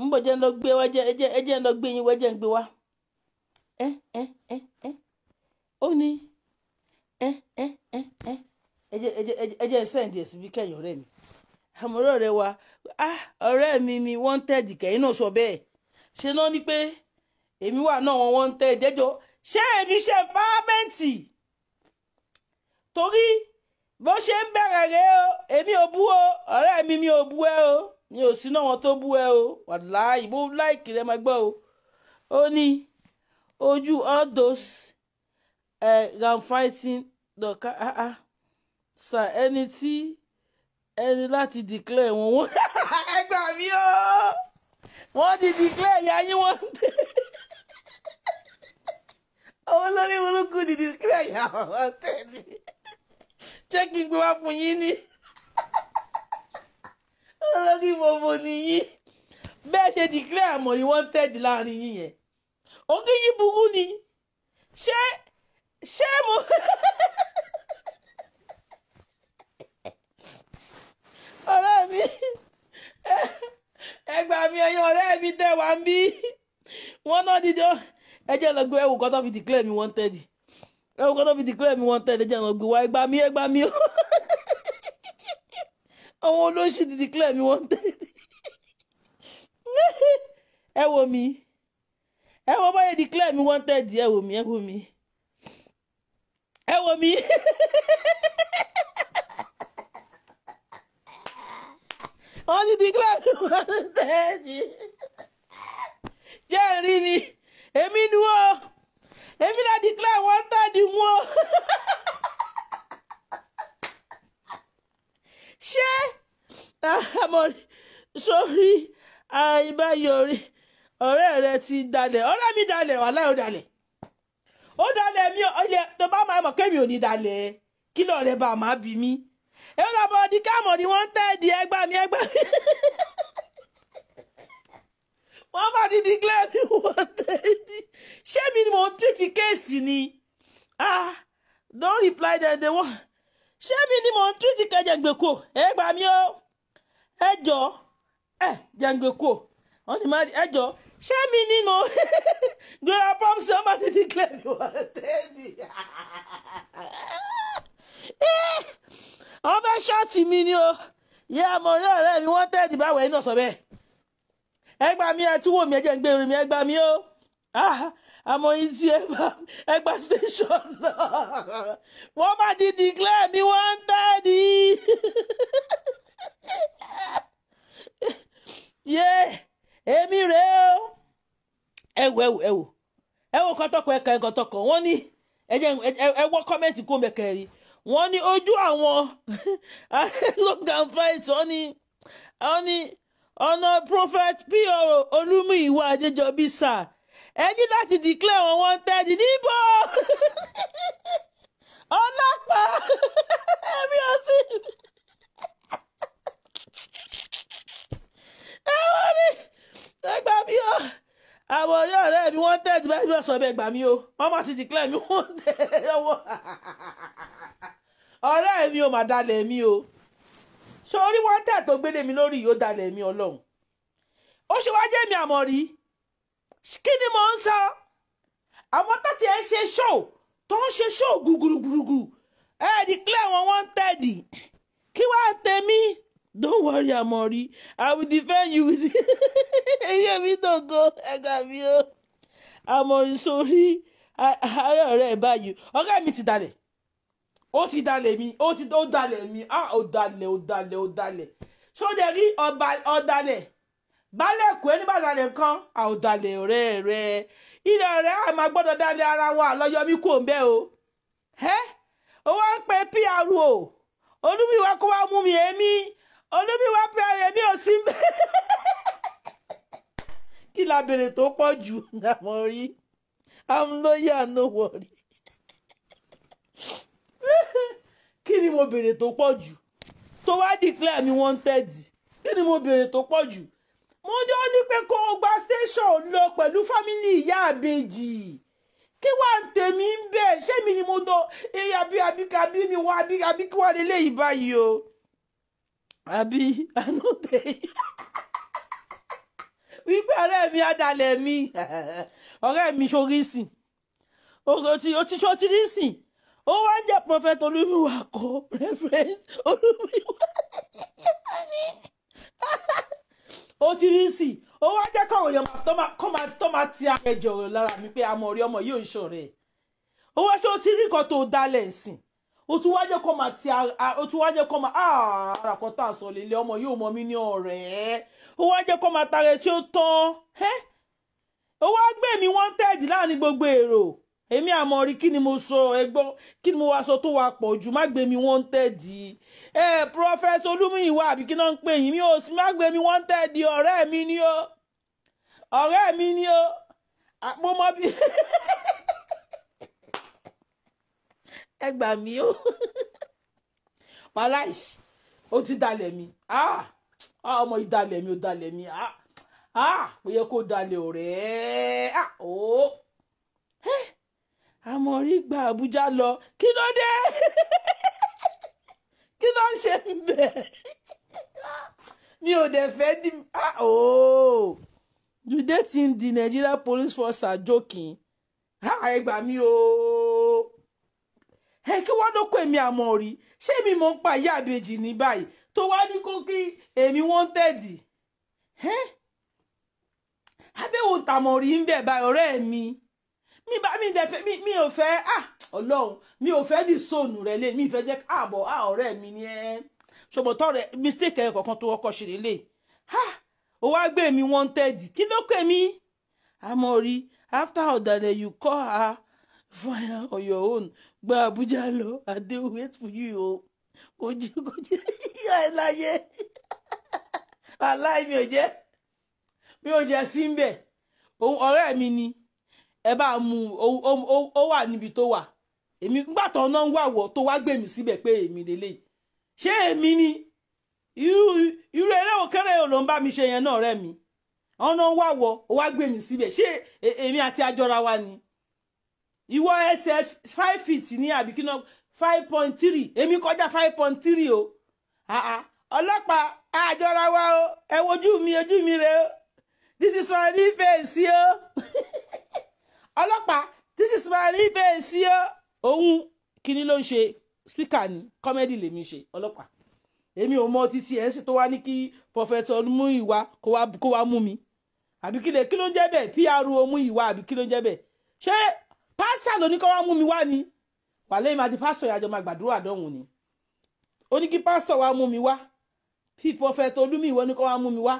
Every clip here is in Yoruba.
ń bọ̀ jẹ́ gbé wá jẹ́ ọ ń lọ gbé yín wá jẹ́ ń gbé wá ẹ ẹ ẹ ẹ ó ní ẹ ẹ ẹ ẹ ẹ bí mi àmúrò wa A ah, ọrịa mi mi wanted náà sọ bẹ́ẹ̀ ṣe náà ni pé èmi wà náà wọn ṣé èmi ṣe torí bó ṣe ń o èmi ò bú o mi mi bú o. ní òsín náà wọn tó bú ẹ o wàlá ìbò láìkì rẹ máa gbọ́ o ó ní all those uh, ram fighting dọ̀ka ah ah sa ẹni tí ẹni láti declare wọn wọn ẹ gbà mí o wọ́n ti declare ìyá yín wọ́n ń tẹ̀ àwọn olórí burúkú declare ìyá wọn wọ́n tẹ̀ ní jẹ́ kí n gbé wá nìyí bẹ́ẹ̀ ṣe declare àmọ̀rí wanted láàrin yín yẹn ògìyí burú ni ṣé ṣé mo. ọ̀rẹ́ mi ẹgbà mi ẹ̀yin ọ̀rẹ́ mi tẹ́ wá ń bí wọ́n náà dídọ́ ẹjẹ́ lọ gbé ẹwù kan tó fi declare mi wanted ẹwù kan tó fi declare mi wanted ẹjẹ́ lọ gbé wá ẹgbà mi ẹgbà mi o àwọn olóṣì ti declare mi wanted. ẹ wo mi ẹ wo bóyá declare mi wanted ẹ wo mi ẹ wo mi ẹ wo mi wọ́n ti declare mi wanted jẹ́ rí mi èmi ni wọ́n èmi náà declare wanted wọ́n. ṣé àmọ́ ah, sorry àìbáyọrí ọ̀rẹ́ rẹ ti dalẹ̀ ọ̀rẹ́ mi dalẹ̀ wàhálà ó dalẹ̀ ó dalẹ̀ mi ọ̀lẹ̀ tó bá máa mọ̀ kémi ò ní dalẹ̀ kí lọ́ọ̀rẹ́ bá máa bí mi èyí ló bọ̀ ọdí káàmọ̀ ni wọ́n ń di ẹgbà mi ẹgbà mi wọ́n bá ti di gílẹ̀ mi wọ́n tẹ́ẹ̀dì ṣé mi ni mo ń tírìtì kéèsì ni ah don't reply dem they wọ́n ṣé mi ni mo ń tírìtì kẹjẹ gbèkó ẹgbà mi ó ẹjọ́. E ẹ eh, jẹ́ǹgbẹ́ kò wọ́n ní máa ẹ jọ ṣé mi nínú gbéra pọ́ǹsì ọmọ ti di clear mi wọ́n tẹ́lẹ̀ wọ́n fẹ́ ṣọ́ọ̀tì mi ni o ìyá ọmọ ní ọ̀rẹ́ mi wọ́n tẹ́lẹ̀ báwo ẹ̀ náà sọ bẹ́ẹ̀ ẹ gbà mí ẹ túwò mi ẹ jẹ́ ń gbé orin mi ẹ gbà mí o ah, àmọ́ yìí tí ẹ station náà wọ́n bá ti declare mi wọ́n ń yé èmi rèé o ẹ wò ẹ wò ẹ wò ẹ wò kọtọkọ ẹka ẹkọ tọkọ wọn ní ẹ jẹ ẹ wọ kọmẹǹtì kó mẹkẹ rí wọn ní ojú àwọn logan fight wọn ní wọn ní ọ̀nà prophet p olúmúyíwá adéjọbí sáà ẹ ní láti declare wọn wọn tẹ́ẹ̀dì níbo ọlọ́pàá ẹ̀mí ọ̀sìn. ẹ wọ́n ní ẹ gbà mí o àwọn ọ̀rẹ́ ọ̀rẹ́ mi wọ́n tẹ̀ ẹ́ báyìí bí ọ̀sán bẹ́ẹ̀ gbà mí o mama ti dìklẹ̀ mi wọ́n tẹ̀ ẹ́ ọwọ́ ọ̀rẹ́ mi ò mà dalẹ̀ mi o ṣé orí wọ́n tẹ̀ tó gbélé mi lórí yóò dalẹ̀ mi ọlọ́run ó ṣe wáá jẹ́ mi àmọ́ rí kí ni mò ń sọ àwọn tó ti ẹ̀ ṣe ṣóò tó ń ṣe ṣóò gùgùrùgùrùgù ẹ̀ dìklẹ̀ wọn wọ́n tẹ̀ dì kí wàá tẹ̀ mí don't worry Amori I will defend you with eyín mi náà go ẹ̀ka mi o Amori sórí àárẹ̀ ọ̀rẹ́ ẹ̀ báyìí ọ̀gá mi ti dalẹ̀ ó ti dalẹ̀ mi ó ti ó dalẹ̀ mi ah ó dalẹ̀ ó dalẹ̀ ó dalẹ̀ ṣó lè rí ọba ọ̀dàlẹ̀ baálé kú ẹni bá dalẹ̀ kan àòdàlẹ̀ ọ̀rẹ́ rẹ̀ ilẹ̀ ọ̀rẹ́ a máa gbọ́dọ̀ dalẹ̀ ara wa lọ́yọ́ mi kò ń bẹ́ o ẹ́ o wá ń pe PRO olúmiwá kó wá mú mi èémí olúbíwá pé ayé mi ò sí kí la bèrè tó pọ̀ jù làwọn rí amúlóyè ànówọ rí kí ni mo bèrè tó pọ̀ jù tó wá declare mi wanted kí ni mo bèrè tó pọ̀ jù mo ní ó ní pé kó o gba station lọ pẹ̀lú fámìlì ìyá àbejì kí wà ń tèmi ń bẹ̀ ṣé mi ni mo dọ eyín àbí àbíkà bí mi wá àbí kí wà lélẹ́yìí báyìí o àbí ànúté wípé ọ̀rẹ́ mi ọ̀dàlẹ̀ mi ọ̀rẹ́ mi sórí sìn o ti sọ ti rí sìn ó wá ń jẹ́ prophet olúmiwà kọ́ reference olúmiwà ó ti rí sìn ó wá jẹ́ káwọn èèyàn tó máa ti ara ẹ̀jẹ̀ ọ̀rọ̀ lára mi pé àmọ́ orí ọmọ yóò ń ṣọ̀rẹ́ ó wá ṣe ó ti rí kan tó dalẹ̀ sìn ó tún wájẹ́ kọ́ máa ti ó tún wájẹ́ kọ́ máa ara ah, kan tá a sọ lélẹ̀ ọmọ yóò mọ mí ní ọ̀rẹ́ ó wájẹ́ kọ́ máa tara ẹ̀ tí ó tán ó wá gbé mi wanted láàrin gbogbo èrò èmi àmọ́ rí kí ni mo sọ ẹ gbọ́ kí ni mo wá sọ tó wá pọ̀ jù má gbé mi wanted ẹ prọfẹsọ olúmúyìwá àbí kí náà ń pè yín mi ò sí má gbé mi wanted ọ̀rẹ́ mi ni ó ọ̀rẹ́ mi ni ó mo mọ bí. ẹ gbà o wàhálà ìṣ ó ti dalẹ̀ mi ah, ah, ọmọ yìí dalẹ̀ mi ó dalẹ̀ mi ah, kò yẹ kó dalẹ̀ ọ̀rẹ́ Àmọ̀rí gba Àbújá lọ kí ló dé kí ló ṣe ń bẹ̀ mi ò dẹ̀ fẹ́ di ooo you dey think the Nigeria police force are joking ẹ gbà mí ooo ẹ kí wọ́n ló kó èmi Àmọ̀rí ṣé mi mò ń pa ìyá àbèjì ní báyìí tó wá ní kó kí èmi wọ́ntẹ́dì abẹ́wò tàmọ̀rí ń bẹ̀ báyìí ọ̀rẹ́ mi mi bá mi dẹ̀ fẹ́ mi ò fẹ́ ah ọlọ́run mi ò fẹ́ ní sóònù rẹ lé mi ìfẹ́ jẹ́ káàbọ̀ ah ọ̀rẹ́ mi ni ẹ́ ṣùgbọ́n tọ́ rẹ mistake ẹ̀ kọ̀ọ̀kan tó ọkọ̀ ṣe lélẹ̀ ah ó wá gbé mi wanted kí ló pè mí Àmọ̀rí after all that you call her for your own gba Abuja lọ and they wait for you o oh. ojú kojú yíyá ẹ láyé aláì mi ò jẹ́ mi ò jẹ́ sí mbẹ̀ òun ọ̀rẹ́ mi ni ẹ bá mú ó wà níbi tó wà èmi nígbà tó náà ń wàwọ̀ tó wá gbé mi pé èmi lélẹ̀ ṣé èmi ni irú eré òkèrè ò ló ń bá mi ṣe yẹn náà ọ̀rẹ́ mi ọ̀nà ń wàwọ̀ ó wá gbé mi síbẹ̀ ṣé e, èmi àti àjọra wa ni ìwọ ẹsẹ̀ five feet ní àbíkínà five point three èmi kọjá five point three o ọlọ́pàá àjọra wa o ẹ wojú mi ojú mi rè o this is my real face o ọlọ́pàá this is my real face o òun kíní ló ń ṣe speaker ni comedy lèmi ṣe ọlọ́pàá èmi ò mọ títí ẹ̀ ń sì tó wá ní kí prọfẹtọ mú ìwà kó wá mú mi àbí kí ló ń jẹ́ bẹ́ẹ̀ pr mú ìwà àbí kí ló ń jẹ́ bẹ́ẹ̀ ṣé Pastor ló ní kọ́ wá mú mi wá ni wàhálà èmi àti pásítọ̀ yàjọ máa gbàdúrà dọ̀hùn ni ó ní kí pásítọ̀ wá mú mi wá fi prọfẹ̀tì olúmi ìwọ ní kọ́ wá mú mi wá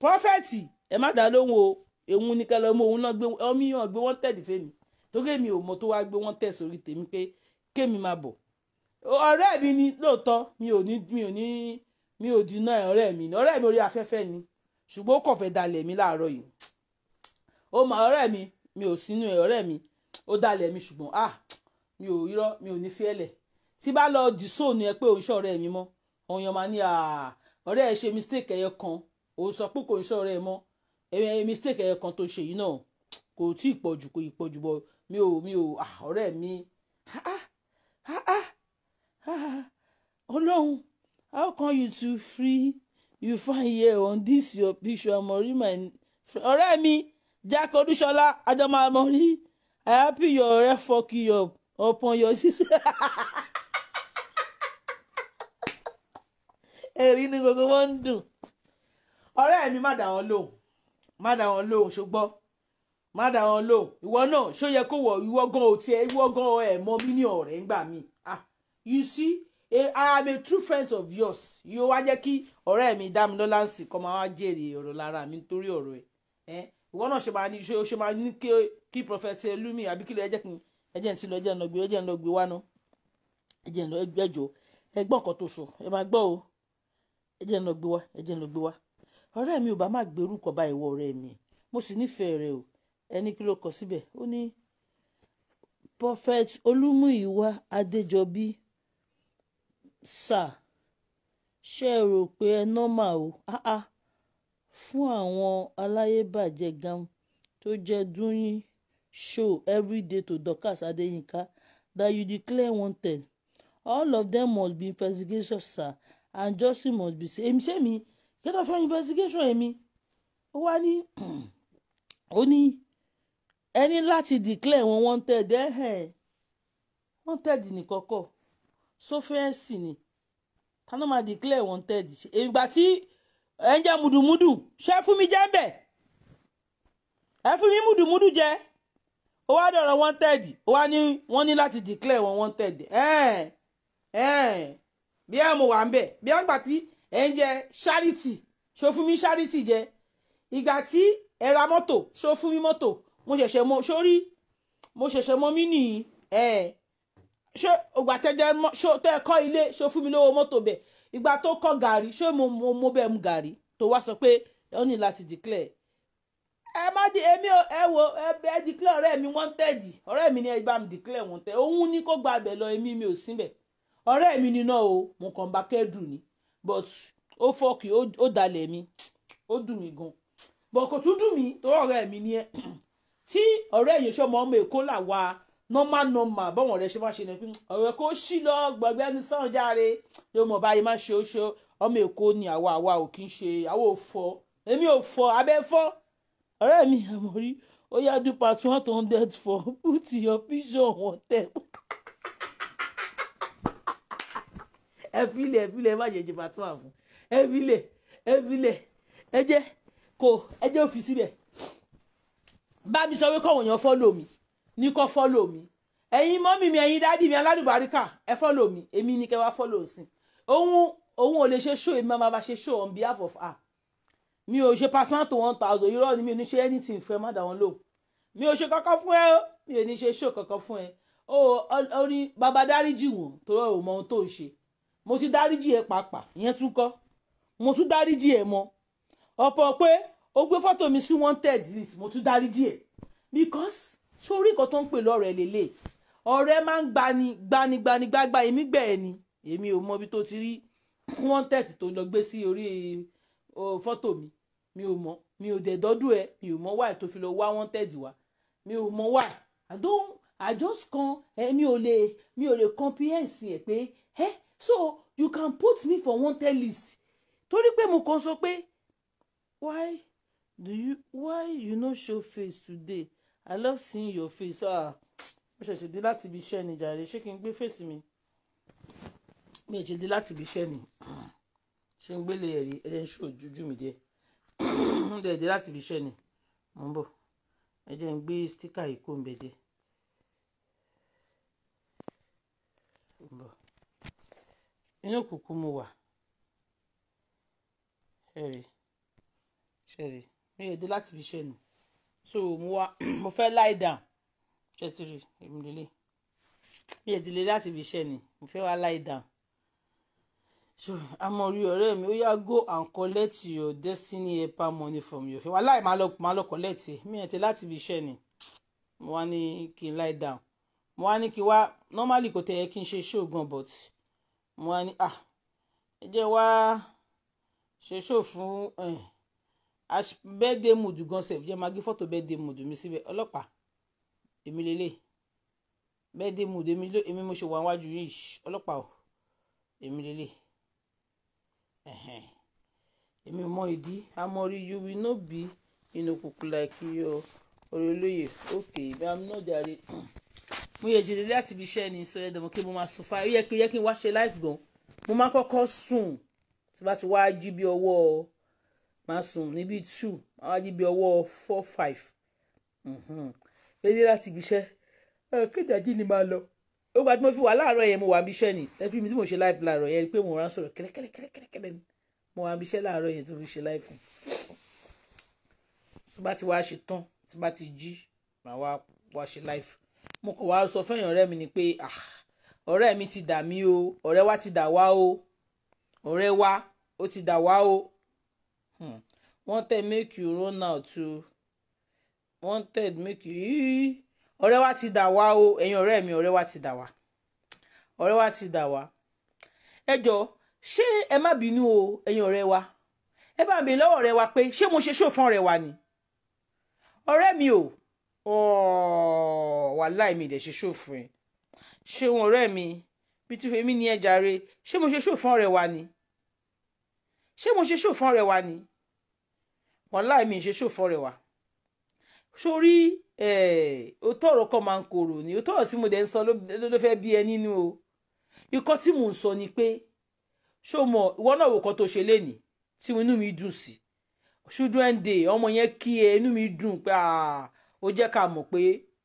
prọfẹ̀tì ẹ má dá lóhùn o èhun ní kẹlẹ ọmọ òun náà gbé ọmọ yàn gbé wọ́n tẹ̀lé fèmí tó kémi ò mọ tó wá gbé wọ́n tẹ̀ sórí tèmi pé kémi máa bọ̀ ọ̀rẹ́ mi ni lóòótọ́ mi ò ní mi ò ní mi ò dínà ọ̀rẹ́ mi ni ọ̀rẹ́ mi orí afẹ́fẹ́ ni ṣùgbọ́n ó kàn fẹ́ dalẹ̀ mi láàárọ̀ yìí ó mà ọ̀rẹ́ mi mi ò sínú ọ̀rẹ́ mi ó dalẹ̀ mi ṣùgbọ́n ah mi ò irọ́ mi ò ní fi ẹ̀lẹ̀ tí bá lọ dì sóònù ẹ pé òun ṣe ọ̀rẹ́ mi mọ́ àwọn èèyàn máa ní ọ̀rẹ́ ẹ ṣe mistake ẹyọ kan òun sọ pé kò ń ṣe ọ̀rẹ́ mọ́ ẹyẹ mistake ẹyọ kan tó ṣe yìí náà kò tí ì pọ̀jù kò ì pọ̀jù bọ̀ mi ò mi ò ah, ọ̀rẹ́ mi ọlọ́run how come you too free you find here on this your picture amori my ọ̀rẹ́ mi. Jack Odúṣọlá Ajamamori I happy your ref fuck you up upon your sister. ẹ̀rí ni gbogbo wọn ń dùn. ọ̀rẹ́ mi má dà wọn lóhùn má dà wọn lóhùn ṣùgbọ́n má dà wọn lóhùn ìwọ náà ṣó yẹ kó wọ ìwọ gan ò tiẹ̀ ìwọ gan ẹ̀ mọ mí ní ọ̀rẹ́ ńgbà mi. Ah, you see eh, I am a true friend of yours yóò wá jẹ́ kí ọ̀rẹ́ mi Dámilọ́lá ń sìn kọ́ máa wá jèrè ọ̀rọ̀ lára mi nítorí ọ̀rọ̀ ẹ̀ eh, ìwọ náà ṣe máa ní ṣe ṣe máa ní kí kí prophet lumi àbí kí ló ẹ jẹ́ kí ẹ jẹ́ ń ti lọ ẹ jẹ́ ń lọ gbé ẹ jẹ́ ń lọ gbé wá náà ẹ jẹ́ ń lọ ẹgbẹ́ jọ ẹ gbọ́ nǹkan tó sọ ẹ máa gbọ́ o ẹ ń lọ gbé wá ẹ ń lọ gbé wá ọ̀rẹ́ mi ò bá má gbèrú kọ bá ìwọ ọ̀rẹ́ mi mo sì nífẹ̀ẹ́ rẹ o ẹni kí ló kọ síbẹ̀ ó ní prophet olúmúyíwá adéjọbí sà ṣe é rò pé ẹ nọ́mà o Ah, ah fún àwọn aláyébàjẹ́ gan tó jẹ́ doing show every day to Dorcas Adeyinka that you declare wanted all of them must be investigation sir and justice must be served èmi sẹ́mi kí ló fẹ́ investigation èmi ó wá ní ó ní ẹni láti declare wọn wanted ẹ̀ wanted nìkọ́kọ́ sófẹ́ẹ́sì ni ta ló máa declare wanted ìgbà tí ẹ ń jẹ mùdùmùdù ṣé fún mi jẹ ń bẹ ẹ fún mi mùdùmùdù jẹ ó wá dọ̀rọ̀ wanted ó wá ní wọ́n ní láti declare wọn wanted bí ẹ mọ̀ wá ń bẹ̀ bí ẹ gbà tí ẹ ń jẹ charity ṣó fún mi charity jẹ ìgbà tí ẹ ra mọ́tò ṣó fún mi mọ́tò mo ṣẹ̀ṣẹ̀ mọ sórí mo ṣẹ̀ṣẹ̀ mọ mí nìyí ṣé ògbà tẹ́jẹ́ tẹ́ ẹ kọ́ ilé ṣó fún mi lówó mọ́tò bẹ́ẹ̀ ìgbà tó kọ gàrí ṣé mo mo mo bẹ́ẹ̀ mu gàrí tó wá sọ pé ó ní láti declare ẹ má di èmi ò ẹ wo ẹ declare ọ̀rẹ́ mi wanted ọ̀rẹ́ mi ni ẹ bá mi declare wanted òun ní kó gba abẹ lọ èmi mi ò síbẹ̀ ọ̀rẹ́ mi níná o mo kàn bá kẹ́dùn ni but ó fọ́ọ̀kì ó dalẹ̀ mi ó dùn mí gan but kò tún dùn mí tó ọ̀rẹ́ mi ni ẹ tí ọ̀rẹ́ yìí ṣọmọ ọmọ èkó là normal normal bọ́wọ̀n rẹ̀ ṣe wá ṣe ni pé ọ̀rẹ́ kò sí lọ gbọ̀gbẹ́ ní sànjáre yóò mọ̀ báyìí má ṣe oṣó ọmọ èkó ni àwa àwa ò kì í ṣe àwa ò fọ èmi ò fọ abẹ́ fọ́ ọ̀rẹ́ mi àmọ́rí ó yá do part one hundred four put your vision on tap. ẹ filẹ̀ ẹ filẹ̀ ẹ má jẹ́ jẹ́ part one fún ẹ filẹ̀ ẹ filẹ̀ ẹ jẹ́ kó ẹ jẹ́ òfin sílẹ̀ bá mi sọ pé kọ́wọ̀n fọ́ lómi ní kó fọ́lò mi ẹ̀yin mọ́mì mi ẹ̀yin dádì mi aládùbáríkà ẹ fọ́lò mi èmi ni kẹ́ wá fọ́lò sí òun òun ò lè ṣe show èmi máa bá ṣe show on behalf of her mi ò ṣe personal to one thousand irọ́ ni mi ò ní ṣe anything fún ẹ má dà wọ́n lò mi ò ṣe kankan fún ẹ mi ò ní ṣe show kankan fún ẹ ó ó ní bàbá dáríjì wọn torí ò mọ ohun tó ń ṣe mo ti dáríjì ẹ pàápàá ìyẹn tún kọ́ mo tún dáríjì ẹ mọ́ ọ̀pọ̀ pé o gbé fọ́tò mi sí wanted list mo tún dáríjì ẹ because sórí nǹkan tó ń pè lọ́rẹ̀ lélẹ̀ ọ̀rẹ́ máa ń gbani gbani gbani gbagba èmi gbẹ̀ ẹ̀ ni èmi ò mọ ibi tó ti rí kọ́ńtẹ̀tì tó lọ gbé sí orí fọ́tò mi mi ò mọ mi ò dẹ̀ dọ́dún ẹ mi ò mọ wáì tó fi lọ wá wọ́ńtẹ̀dì wá mi ò mọ wáì àdóhùn àjọsùn kan mi ò lè mi ò lè comprehense ẹ pé ẹ so you can put me for wanted list torí pé mo kàn sọ pé why do you why you no show face today i love seeing your face ah mo ṣẹ̀ṣẹ̀ dé láti ibi iṣẹ́ ni jàre ṣé kí n gbé fèsì mi mi ò ṣe dé láti ibi iṣẹ́ ni ṣé n gbélé ẹ̀rí ẹ̀jẹ̀ ń ṣó ojú mi díẹ̀ mo dẹ̀ dé láti ibi iṣẹ́ ni mo ń bọ̀ ẹ̀jẹ̀ ń gbé stíkà yìí kó ń bẹ̀ díẹ̀ mo bọ̀ inú òkùnkùn mo wà ẹ̀rí ṣẹ̀rí mi ò dé láti ibi iṣẹ́ ni so mo wá mo fẹ́ lie down ṣètìrì ìmùlélẹ̀ bí ẹ ti lè láti ibi iṣẹ́ ni mo fẹ́ wa lie down so amọ̀rí ọ̀rẹ́ mi ó yá go and collect your destiny helper money from your fẹ́ wa láì máa lọ máa lọ collect e. mi ẹ̀ ti láti ibi iṣẹ́ ni mo wá ní kí n lie down mo wá ní kí n normally kò tẹ̀ yẹ kí n ṣe show gan but mo wá ní ah ẹ jẹ́ wá ṣe show fun. Eh, birthday mood gan sef jẹ́ máa gé fọ́tò birthday mood mi síbẹ̀ ọlọ́pàá èmi lélẹ̀ birthday mood èmi ló èmi mo ṣe wà wájú yìí ọlọ́pàá o èmi lélẹ̀ èmi mọ ìdí amọ̀rí you will not be in òkùnkùn like your ọ̀rẹ́ olóye okay ibi àmì náà jàre mo yẹ jèrè láti ibi iṣẹ́ ni sọ ẹ̀dọ̀ mọ́ kí mo máa sùn fáyé yẹ kí n wá ṣe live gan mo máa kọ́kọ́ sùn tí bá ti wá jí bí ọwọ́ ọ máa sùn níbi two máa wájú bí ọwọ́ four five eré láti gbìṣẹ́ kéde àjí ni máa lọ ó gba tí mo fi wà láàárọ̀ yẹn mo wà níbiṣẹ́ ni ẹ fi mi tí mo ṣe live láàárọ̀ yẹn pé mo rán sọ̀rọ̀ kẹ́lẹ́kẹ́lẹ́kẹ́lẹ́kẹ́lẹ́ mo wà níbiṣẹ́ láàárọ̀ yẹn tí mo fi ṣe live fún tí bá ti wá ṣe tán tí bá ti jí màá wá wá ṣe live mo kàn wá sọ fẹ́yìn ọ̀rẹ́ mi ni pé ah ọ̀rẹ́ mi ti dà mí o ọ̀rẹ́ wa ti dà wá o ọ̀rẹ́ wa ó ti dà wá o hmm. wanted make you run out to wanted make you ọ̀rẹ́ wa ti dà wá o ẹ̀yin ọ̀rẹ́ mi ọ̀rẹ́ wa ti dà wá ọ̀rẹ́ wa ti dà wá ẹ jọ ṣé ẹ má bínú o ẹ̀yin ọ̀rẹ́ wa ẹ bá mi lọ́wọ́ ọ̀rẹ́ wa pé ṣé mo ṣe ṣòfin ọ̀rẹ́ wa ni ọ̀rẹ́ mi o wàláì mi dẹ̀ ṣe ṣòfin ṣé wọn ọ̀rẹ́ mi bí tí fèmí ni ẹ jàre ṣé mo ṣe ṣòfin ọ̀rẹ́ wa ni ṣé mo ṣe ṣòfin rẹwà ni wàláì mi ṣe ṣòfin rẹwà sórí eh, òótọ́ ọ̀rọ̀ kan máa ń korò ni òótọ́ ọ̀rọ̀ tí mo dẹ̀ ń sọ ló fẹ́ bí ẹ nínú o ikọ́ tí mò ń sọ ni pé ṣó mọ ìwọ náà wò kan tó ṣe lénìí tí inú mi dùn sí children day ọmọ yẹn kí ẹ inú mi dùn pé ó jẹ́ ká mọ̀ pé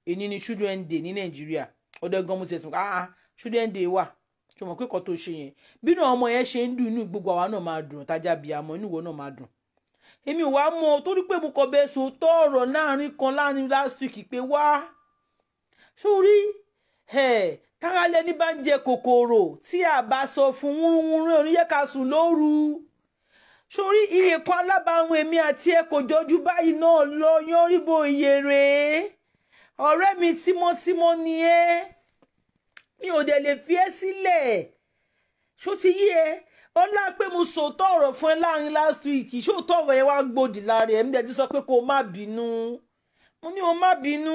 èyí ni children day ní nàìjíríà ọdọ gan mo ti ẹ̀sùn ah children wà ṣe mọ̀ pé kọ́ tó ṣe yẹn bínú ọmọ yẹn ṣe ń dùn inú gbogbo àwa náà máa dùn tájà bíi àmọ́ inú ìwọ náà máa dùn èmi ò wá mọ̀ torí pé mo kọ bẹ sòótọ́ ọ̀rọ̀ láàrin kan láàrin last week pé wá sórí táralẹ ní bá ń jẹ kòkòrò tí a bá sọ fún wúrúwúrú oníyẹ ká sùn lóru sórí iye kan alábàáwọn èmi àti ẹ kò jọjú báyìí náà lọ yán ìyèrè ọ̀rẹ́ mi tímọ́tímọ́ ni ẹ́. Eh? mi ò dẹ̀ lè fi ẹ́ sílẹ̀ ṣó ti yí ẹ ọlá pé mo sòótọ́ ọ̀rọ̀ fún ẹ láàrin last week ṣóòótọ́ ọ̀rọ̀ yẹn wá gbòdì lára ẹ̀ ń bẹ̀ ti sọ pé kó o má bínú mo ní o má bínú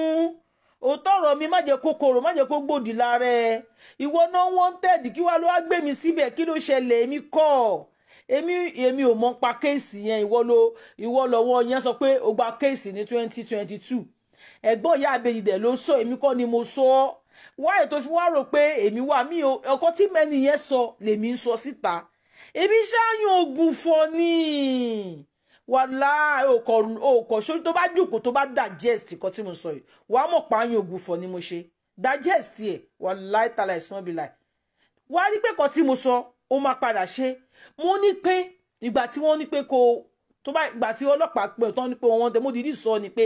òótọ́ ọ̀rọ̀ mi má jẹ́ kòkòrò má jẹ́ kó gbòdì lára ẹ̀ ìwọ náà wanted kí wàá ló wá gbé mi síbẹ̀ kí ló ṣẹlẹ̀ èmi kọ́ èmi èmi ò mọ̀ pa kéèsì yẹn ìwọ ló ìwọ lọ́wọ́ yẹn sọ pé o gba kéèsì ní twenty twenty two ẹ̀gbọ́n ìyá àbẹ̀yìdẹ̀ ló sọ èmi kọ́ ni mo sọ ọ́ wáyé tó fi wá rò pé èmi wà mí o ọkọ tí mẹ́ni yẹn sọ lèmi ń sọ síta èmi ṣáàyàn ogun fọ ni wàhálà òkò sórí tó bá jókòó tó bá digest kan tí mo sọ yìí wàá mọ̀ pààyàn ogun fọ ni mo ṣe digest ẹ̀ wàhálà ìtàlà ìsúná bìlà wàá rí pé kan tí mo sọ ó máa padà ṣe mo ní pé ìgbà tí wọ́n ní pé kò tó bá ìgbà tí ọlọ́pàá pé tán ní pé wọ́n tẹ mo dìídì sọ ni pé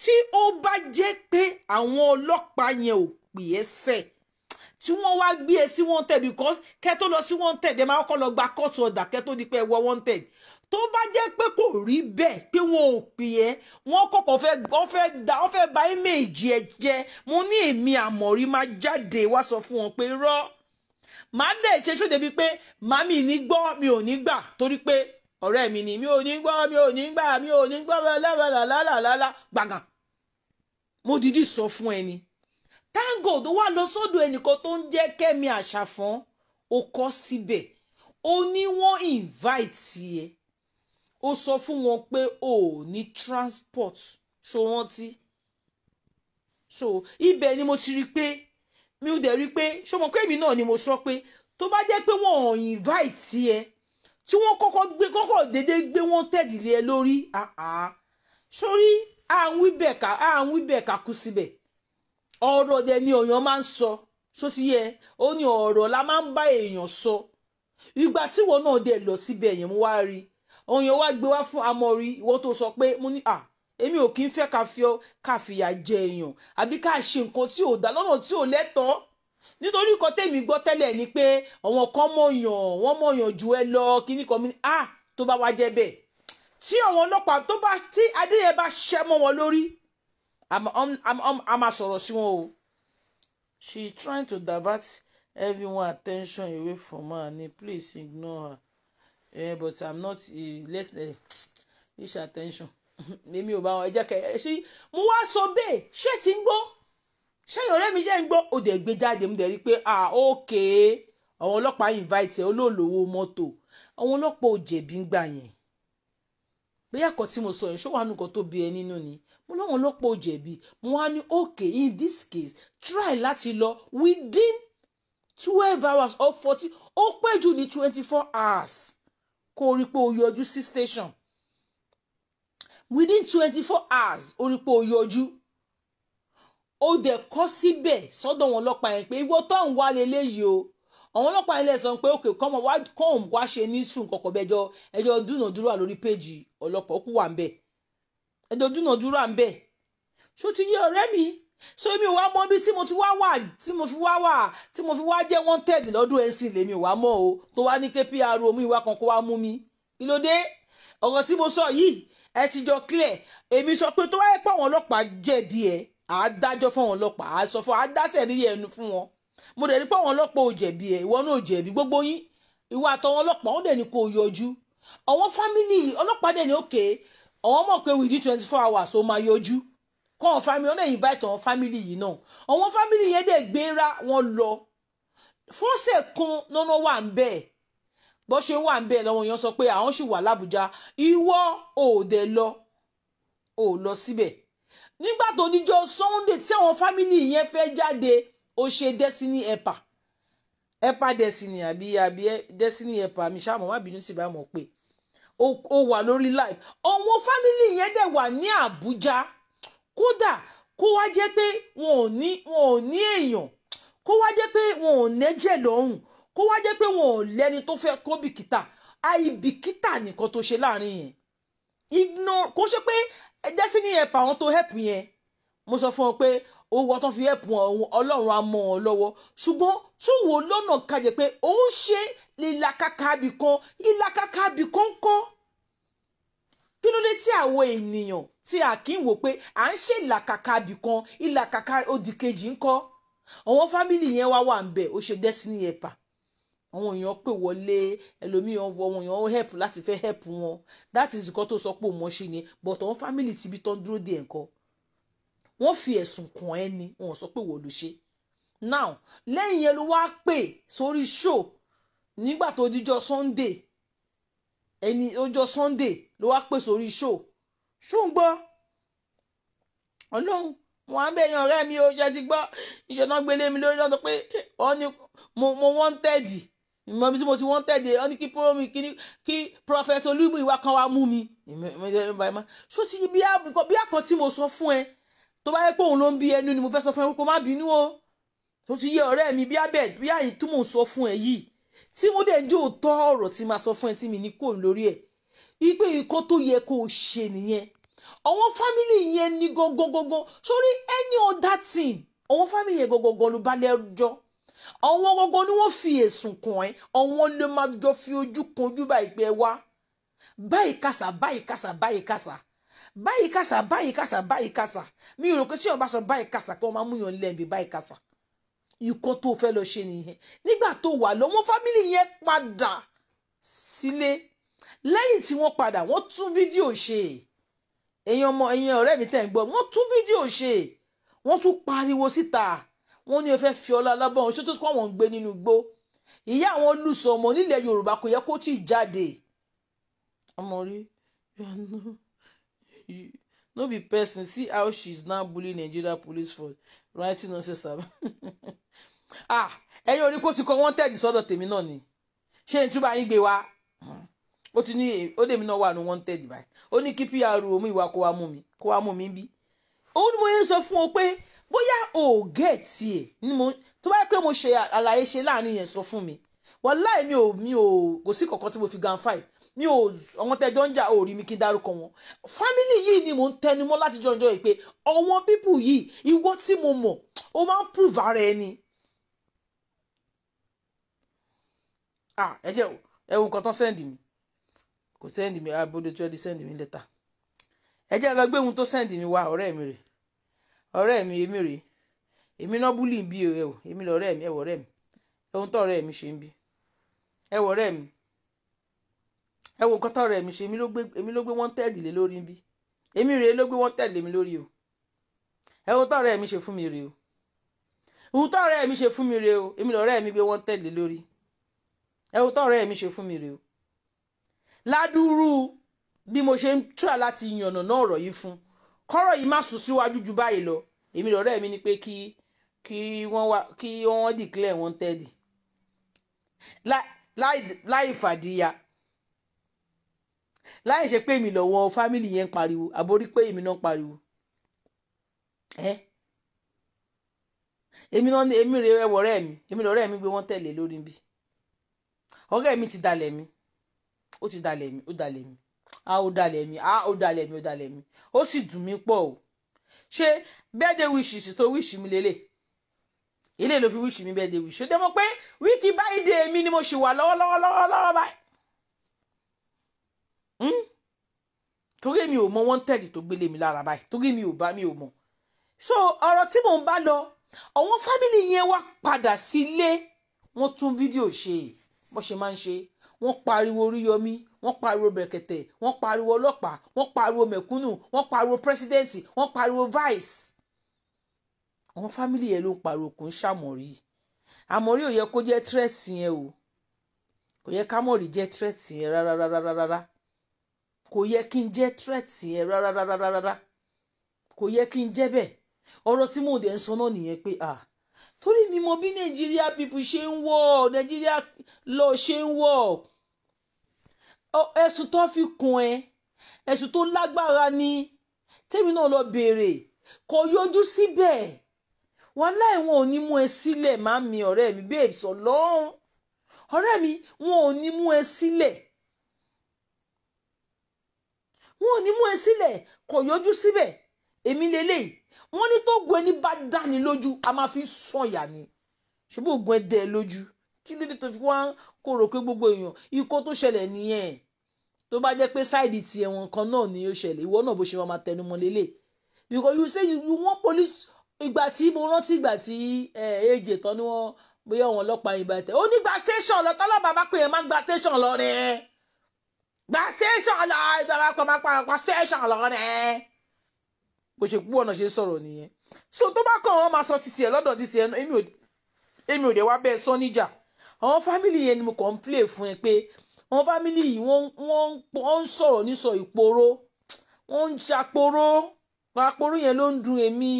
tí ó bá jẹ́ pé àwọn ọlọ́pàá yẹn ò pè é sẹ̀ tí wọ́n wá gbé e sí wanted because kẹ́ tó lọ sí wanted ẹ máa kọ́ lọ gba court order kẹ́ di pé ẹ wanted tó bá jẹ́ pé kò rí bẹ́ẹ̀ pé wọn ò pè ẹ́ wọ́n kọ́kọ́ fẹ́ wọ́n da wọ́n fẹ́ ba ímèjì ẹ jẹ́ mo ní èmi àmọ̀rí máa jáde wá sọ fún wọn pé rọ́ màá dẹ̀ ṣe ṣó débi pé màmí ní gbọ́ mi ò ní gbà torí pé ọ̀rẹ́ mi ni mi ò ní gbọ́ mi ò ní gbà mi ò ní gbọ́ lálàlálàlá gbàgà mo dìdí sọ fún ẹni tango tó wà lọ sọ́dọ̀ ẹnìkan tó ń jẹ́ kẹ́mi àṣàfọ́n ó kọ́ síbẹ̀ ó ní wọ́n invite yẹ ó sọ fún wọn pé ó ní transport ṣó rántí so ibẹ̀ ni mo ti rí pé mi ò dẹ̀ rí pé ṣó mọ̀ pé èmi náà ni mo sọ pé tó bá jẹ́ pé wọ́n ò invite yẹ tí wọ́n kọ́kọ́ gbé kọ́kọ́ déédéé gbé wọ́n tẹ̀dílé ẹ lórí sórí à ń wí bẹ̀ ká à ń wí bẹ̀ ká kú síbẹ̀ ọ̀rọ̀ dẹ̀ ni èèyàn máa ń sọ ṣó ti yẹ ó ní ọ̀rọ̀ la máa ń bá èèyàn sọ ìgbà tí ìwọ náà dẹ̀ lọ síbi ẹ̀yìn mo wá rí òyìn wá gbé wá fún amọ̀rí ìwọ tó sọ pé mo ní à èmi ò kí ń fẹ́ ká fi ọ ká fìyà jẹ èèyàn àbí ká ṣe nǹkan tí ò dá lọ́nà tí ò lẹ́tọ̀ọ́ nítorí nǹkan tèmi gbọ́ tẹ́lẹ̀ ni pé àwọn kan mọ̀yàn wọ́n mọ̀yàn jù ẹ lọ kíní kan mi à tó bá wá jẹ bẹ́ẹ̀ tí àwọn ọlọ́pàá tó bá tí adéyẹ bá ṣẹ́ mọ́ wọn lórí a I'm sọ̀rọ̀ um, um, I'm a o she is trying to divert everyone attention away from her ni please ignore her Yeah, but i'm not eh, let eh, reach attention èmi ò bá wọn ẹjẹ kẹ ẹ ṣí mo wá sọ bẹ́ẹ̀ ṣé ti ń gbọ́ mi ṣe ń gbọ́ ó dẹ̀ gbé jáde mo i pé ah okay àwọn ọlọ́pàá invite ẹ lo mọ́tò àwọn ọlọ́pàá ò jẹ̀bi ń gbà yẹn bóyá kan tí mo sọ yẹn ṣó wà nù kan tó ni mo lóun ló po jẹ̀bi mo wá ní okay in this case try láti lọ within twelve hours or fourteen ó pẹ́ jù ní twenty four hours kó o rí pé o yọjú sí station within twenty four hours o rí pé o yọjú ó dẹ̀ kọ́ síbẹ̀ sọ́dọ̀ wọn ọlọ́pàá yẹn pé ìwọ tó ń wá leléyìí o àwọn ọlọ́pàá yẹn lè sọ pé òkè kọ́mọ wá kóhùn wá ṣe ní sùn kọ̀kọ̀ bẹ́jọ́ ẹjọ́ dúnàdúrà lórí péjì ọlọ́pàá ó kú wà ń bẹ́ẹ̀ ẹ̀dọ̀dúnàdúrà ń bẹ̀ ṣó ti yé ọ̀rẹ́ mi so èmi ò wá mọ ibi tí mo ti wá wà tí mo fi wá wà tí mo fi wá jẹ́ wanted lọ́dún ẹ̀sìn lèmi ò wá mọ̀ o tó wá ní kpr omi ìwà kan kó wá mú mi kí ló tí mo sọ yìí ẹ ti jọ clear èmi sọ pé tó wáyé pé àwọn ọlọ́pàá jẹ̀bi ẹ̀ àá dájọ́ fún àwọn ọlọ́pàá àá sọ fún àá dásẹ̀ rí ẹnu fún wọn mo dẹ̀ rí pé àwọn ọlọ́pàá ò jẹ̀bi ẹ̀ ìwọ náà ò jẹ̀bi gbogbo yín ìwà àtọwọn ọlọ́pàá wọn dẹ̀ ní kó yọjú àwọn fámìlì ọlọ́pàá dẹ̀ ní òkè àwọn mọ̀ pé within twenty four hours ó máa yọjú kọ́ àwọn family ọ̀nà invite àwọn family yìí náà àwọn family yẹn dẹ̀ gbéra wọn lọ fọ́sẹ̀ kan nánà wà ń bẹ́ẹ̀ bó ṣe wà ń bẹ́ẹ̀ lọ́wọ́ yẹn sọ pé àwọn sì wà lábújá ìwọ ò dẹ̀ lọ ò lọ síbẹ̀ nígbà tó níjọ́ Sunday tí àwọn family yẹn fẹ́ jáde ó ṣe destiny epa epa destiny àbí àbí destiny epa mi ṣáà mọ̀ má bínú sí bá mọ̀ pé ó wà lórí live ọ̀wọ́n fámìlì yẹn dẹ̀ wà ní abuja, kódà kó wá jẹ́ pé wọn ò ní wọn ò ní èèyàn kó wá jẹ́ pé wọn ò nẹ́jẹ̀ lọ́rùn kó wá jẹ́ pé wọn ò lẹ́ni tó fẹ́ kó bìkítà àìbìkítà nìkan tó ṣe láàrin yẹn ignore kó ṣe pé destiny help àwọn tó help yẹn mo sọ fún ọ pé owó tó fi help wọn ọlọ́run ọ lọ́wọ́ ṣùgbọ́n tún wò lọ́nà kájẹ pé òun ṣe lílakàkà abìkan lílakàkà abìkan ńkọ́ kí ló dé tí àwọn ènìyàn tí a kì í wò pé à ń ṣe ìlàkàkà abìkan ìlàkàkà òdì kejì ńkọ́ àwọn fámìlì yẹn wá wà ń bẹ̀ ó ṣe destiny ẹ̀pà àwọn èèyàn pè wọlé ẹlòmíì àwọn èèyàn help láti fẹ́ help wọn that is nǹkan tó sọ pé òun ṣe ni but àwọn fámìlì tibí tó ń dúró dé ẹ̀kọ́ wọ́n fi ẹ̀sùn kàn ẹ́ ni wọ́n sọ pé wọ́n ló ṣe now lẹ́yìn yẹn ló wá pè sórí show nígbà tó díjọ́ Sunday ẹni ọjọ́ Sunday ló wá pè sórí ṣó ṣó ń gbọ́ ọlọ́run wọn á bẹ̀yàn ọ̀rẹ́ mi ó ṣe ti gbọ́ ìṣẹ̀nà gbélé mi lórí lọ́dọ̀ pé mo wanted ìmọ̀ ibi tí mo ti wanted wọ́n ní kí promi kí prophet olúbù ìwà kan wá mú mi ṣó ti bí àkàn tí mo sọ fún ẹ tó bá yẹ pé òun ló ń bí ẹnu ni mo fẹ́ sọ fún ẹ kó má bínú o tó ti yẹ ọ̀rẹ́ mi bí àbẹ̀ bí àyè tí mò ń sọ fún ẹ yìí tí wọ́n dẹ̀ jó tọ́ ọ̀rọ̀ tí máa sọ fún ẹ tí mi ní kò lórí ẹ̀ wípé nǹkan tó yẹ kó o ṣe nìyẹn àwọn fámìlì yẹn ní gangan sórí any other thing àwọn fámìlì yẹn gangan gangan ló bá lẹ́jọ́ àwọn gangan ni wọ́n fi ẹ̀sùn kàn ẹ́ àwọn lè máa jọ fi ojú kan ojú báyìí pé wá báyìí kàsà báyìí kàsà báyìí kàsà báyìí kàsà báyìí kàsà báyìí kàsà mi ò rò pé tí wọn bá sọ báyìí kàsà kí wọn máa mú yàn lẹ́ẹ̀bì báyìí kàsà nǹkan tó fẹ́ lọ ṣe nìyẹn nígbà tó wà lọ́mọ fámìlì yẹn padà sílé lẹ́yìn tí wọ́n padà wọ́n tún fídíò ṣe èèyàn ọmọ èèyàn ọ̀rẹ́ mi tẹ̀ ń gbọ́ wọ́n tún fídíò ṣe wọ́n tún pariwo síta wọ́n ní o fẹ́ fi ọlá alábọ̀n ṣé tó kọ́ àwọn ń gbé nínú igbó ìyá àwọn olùsọ ọmọ nílẹ̀ Yorùbá kò yẹ kó tí ì jáde ọmọ rí no be person see how she is now bullying Nigeria police force writing nonsense sab ah ẹ̀yin orí kó ti kọ wanted sọ́dọ̀ tèmi náà ni ṣé n túbà yín gbé wa o hmm. ti o ó dèmi náà wà ní wanted báyìí ó ní kí pr òmù ìwà kó wa mú mi kó wa mú mi bí òun ni mo yẹn sọ fún ọ pé boya o get gẹ̀ẹ́tì ni mo tó ba yẹ pé mo ṣe àlàyé ṣe láàrin yẹn sọ fún mi wàláì mi ò mi ò kò sí kankan tí mo fi gan fight mi ò àwọn tẹjọ ń jà ò rí mi kí n dárúkọ wọn fámìlì yìí ni mò ń tẹnumọ́ láti jọjọ yìí pé àwọn pípù yìí ìwọ tí mo mọ̀ ó máa ń prove ara ẹni. Ah, ẹ jẹ́ ẹ̀wù kan tán sẹ́ndì mi kò sẹ́ndì mi abodo ah, tí wọ́n di sẹ́ndì mi lẹ́tà ẹ jẹ́ lọ gbé ohun tó sẹ́ndì mi wá ọ̀rẹ́ mi rè ọ̀rẹ́ mi èmi rè èmi náà búlì bí o ẹ̀wò èmi lọ̀rẹ́ mi ẹ̀wọ̀ ọ̀rẹ́ mi ẹ̀hún tó ọ̀rẹ́ mi ṣe ń bí ẹ̀wọ̀ ọ̀rẹ́ mi ẹ wo nǹkan tọrọ ẹ̀mí ṣe èmi ló gbé wọ́n tẹ́ẹ̀dì lé lórí bí èmi rèé ló gbé wọ́n tẹ́ẹ̀dì mi lórí o ẹ wo tọrọ ẹ̀mí ṣe fún mi rèé o ohun tọrọ ẹ̀mí ṣe fún mi rèé o èmi lọ́rẹ́ ẹ̀mí gbé wọ́n tẹ́ẹ̀dì lé lórí ẹ wo tọrọ ẹ̀mí ṣe fún mi rèé o ládùúrú bí mo ṣe ń tura láti yànnà náà ọ̀rọ̀ yìí fún kọ́rọ̀ yìí má sùn síwájú ju báyìí lọ èmi lọ́rẹ́ mi ni pé kí kí wọ́n wá kí wọ́n declare wanted láì fàdíyà láì ṣe pé èmi lọ́wọ́ fámìlì yẹn pariwo àbórí pé èmi náà pariwo ẹ èmi náà èmi rè ẹwọ̀rẹ́ mi èmi lọ́rẹ́ mi gbé wọ́n tẹ̀lé lórí bí ọ̀rẹ́ mi ti dalẹ̀ mi ó ti dalẹ̀ mi ó dalẹ̀ mi a ó dalẹ̀ mi a ó dalẹ̀ mi ó dalẹ̀ mi ó sì dùn mí pọ̀ o ṣé birthday wishes tó wish mi lélẹ̀ ilé ló fi wish mi birthday wish ó dẹ́ mọ̀ pé wíkì báyìí dé èmi ni mo ṣì wà lọ́wọ́lọ́wọ́lọ́wọ́ báyìí Hmm? torí mi ò mọ wanted tó gbélé mi lára báyìí torí mi ò bá mi ò mọ so ọ̀rọ̀ tí mò ń bá lọ àwọn fámìlì yẹn wá padà sílé wọ́n tún fídíò ṣe bó ṣe máa ń ṣe wọ́n pariwo oríyọmí wọ́n pariwo bẹ̀kẹ̀tẹ̀ wọ́n pariwo ọlọ́pàá wọ́n pariwo mẹ̀kúnnù wọ́n pariwo pírẹsidẹ́ǹtì wọ́n pariwo vice àwọn fámìlì yẹn ló ń pariwo kò ń ṣàmọ̀rí àmọ̀rí ò yẹ kó jẹ́ tírẹ̀sì yẹn o kò yẹ ká mọ̀rí jẹ́ tírẹ̀sì yẹn rárá rárá rárá kò yẹ kí n jẹ́ threat ẹ rárá rárá rárá kò yẹ kí n jẹ́ bẹ́ẹ̀ ọ̀rọ̀ tí mò ń ń sọ náà nìyẹn pé ah torí mi mo bí nàìjíríà pipu ṣe ń wọ nàìjíríà lọ ṣe ń wọ ẹ̀sùn tó fi kún ẹ ẹ̀sùn tó lágbára ni tèmi náà lọ béèrè kò yọjú síbẹ̀ wọn láì wọn ò ní mú ẹ sílẹ̀ má mi ọ̀rẹ́ mi babes ọlọ́run ọ̀rẹ́ mi wọn ò ní mú ẹ sílẹ̀ wọn ò ní mú ẹ sílẹ̀ kò yọjú síbẹ̀ èmi lélẹ́yìí wọ́n ní tó gun ẹni bá dáni lójú a máa fi sọ̀yà ni ṣùgbọ́n ògùn ẹ dẹ́ ẹ lójú kí ló dé tó fi wá kó rò pé gbogbo èèyàn ikọ́ tó ṣẹlẹ̀ nìyẹn tó bá jẹ́ pé sáìdì ti ẹ̀wọ̀n kan náà ni ó ṣẹlẹ̀ ìwọ náà bó ṣe máa tẹnu mọ́ lélẹ̀ because you say you, you want police ìgbà tí mo rántí ìgbà tí èjè eh, tán ni wọ́n bóyá àwọn ọlọ́pàá yìnbọn tẹ̀ ó ní gba station lọ tọ́lọ́pàá bá pè é má gba station lọ rẹ̀ gba station lọ ìjọba pàmàpàmà station lọ rẹ bó ṣe púpọ̀ náà ṣe sọ̀rọ̀ nìyẹn so tó bá kàn wọ́n máa sọ ti tiẹ̀ lọ́dọ̀ ti tiẹ̀ èmi ò dé wá bẹ́ẹ̀ sọ níjà àwọn fámìlì yẹn ni mo kàn ń play fún ẹ pé àwọn fámìlì yìí wọ́n ń sọ̀rọ̀ nísọ ìporó wọ́n ń ṣàporó àporó yẹn ló ń dùn èmi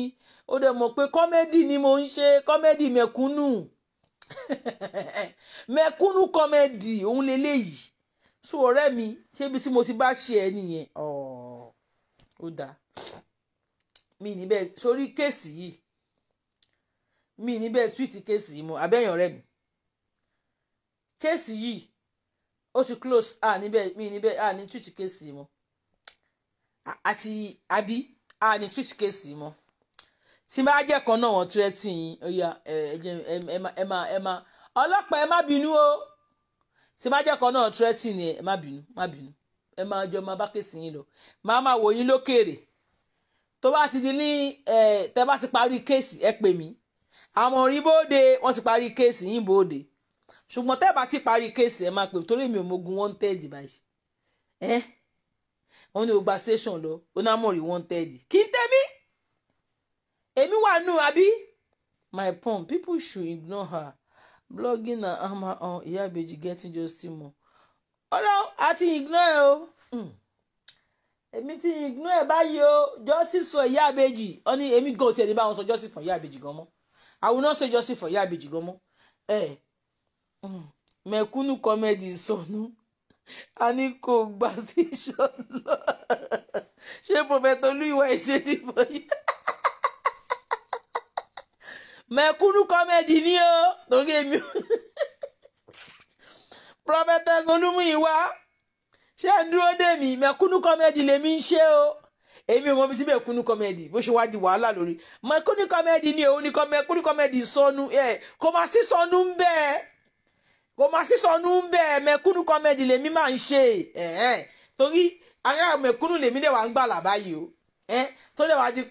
ó dẹ̀ mọ̀ pé kọ́mẹ́dì ni mo ń ṣe kọ́mẹ́dì mẹ̀kúnnù mẹ̀kúnnù kọ́mẹ́dì òun lélẹ́yìí so ọ̀rẹ́ mi ṣébi tí mo ti bá ṣe ẹ nìyẹn ó dáa mi níbẹ̀ sórí kéèsì yìí mi níbẹ̀ túwìtì kéèsì yìí mo abẹ́yàn ọ̀rẹ́ mi kéèsì yìí ó ti close à níbẹ̀ mi níbẹ̀ à ní túwìtì kéèsì yìí mo àti àbí à ní túwìtì kéèsì yìí mo tí bá jẹ́ kan náà wọ́n tún ẹ tì yín ó yá ẹ ẹ má ẹ má ọlọ́pàá ẹ má bínú o tí má jẹ́kọ̀ọ́ náà tírẹ́tì ni ẹ má bínú má bínú ẹ máa jọ máa bá kèsì yín lọ máa máa wò yín lókèrè tó bá ti di ní ẹ tẹ bá ti parí kéèsì ẹ pè mí àwọn orí bóde wọn ti parí kéèsì yín bóde ṣùgbọ́n tẹ́ bá ti parí kéèsì ẹ máa pè torí mi ò mogun one third báyìí ẹ wọn ní o gba station lọ onamori one third kí n tẹ́mí èmi wà nù àbí my pump people should ignore her blogging na hammer on oh, ìyá ìbejì getting just justice mọ́ ọlọ́run àti ignore o hmm. èmi ti ignore báyìí o justice for ìyá beji. ó ní go gan tiẹ̀ ní báwọn sọ justice for ìyá beji. gan mọ́ I will not say justice for ìyá ìbejì gan mọ́ ẹ hmm, mẹ̀kúnnù comedy sọnù a ní kò gbà sí ìṣọ̀lọ́ ṣé prọfẹ̀tọ̀ olúwa ìṣèdìbò yẹn mẹ̀kúnnù kọ́mẹ́dì ni o torí èmi prophetess olúmúyíwá ṣé ń dúró dè mí mẹ̀kúnnù kọ́mẹ́dì lèmi ń ṣe o èmi ò mọ bíi mẹ̀kúnnù kọ́mẹ́dì bó ṣe wáá di wàhálà lórí mẹ̀kúnnù kọ́mẹ́dì ni òun ni mẹ̀kúnnù kọ́mẹ́dì sọnù ẹ kò máa sí sọnù ń bẹ́ẹ̀ kò máa sí sọnù ń bẹ́ẹ̀ mẹ̀kúnnù kọ́mẹ́dì lèmi máa ń ṣe torí ará mẹ̀kúnnù lèmi dẹ̀ wá ń gbà làbáyé o tó dẹ̀ wá di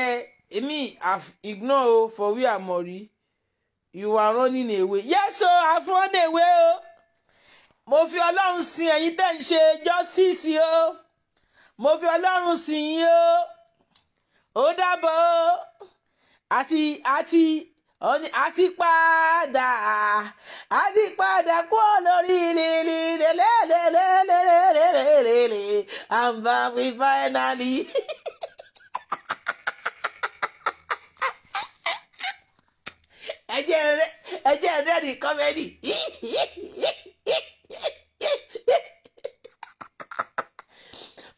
eh èmi ignore o for we are Amori you are running away yes o so, I've run away o mo fi ọlọ́run sin ẹ̀yin tẹ́ ń justice o mo fi ọlọ́run sin yín o le le le le le le le le le le le le le le le le ẹjẹ rẹ́rìn kọ́mẹ́dì.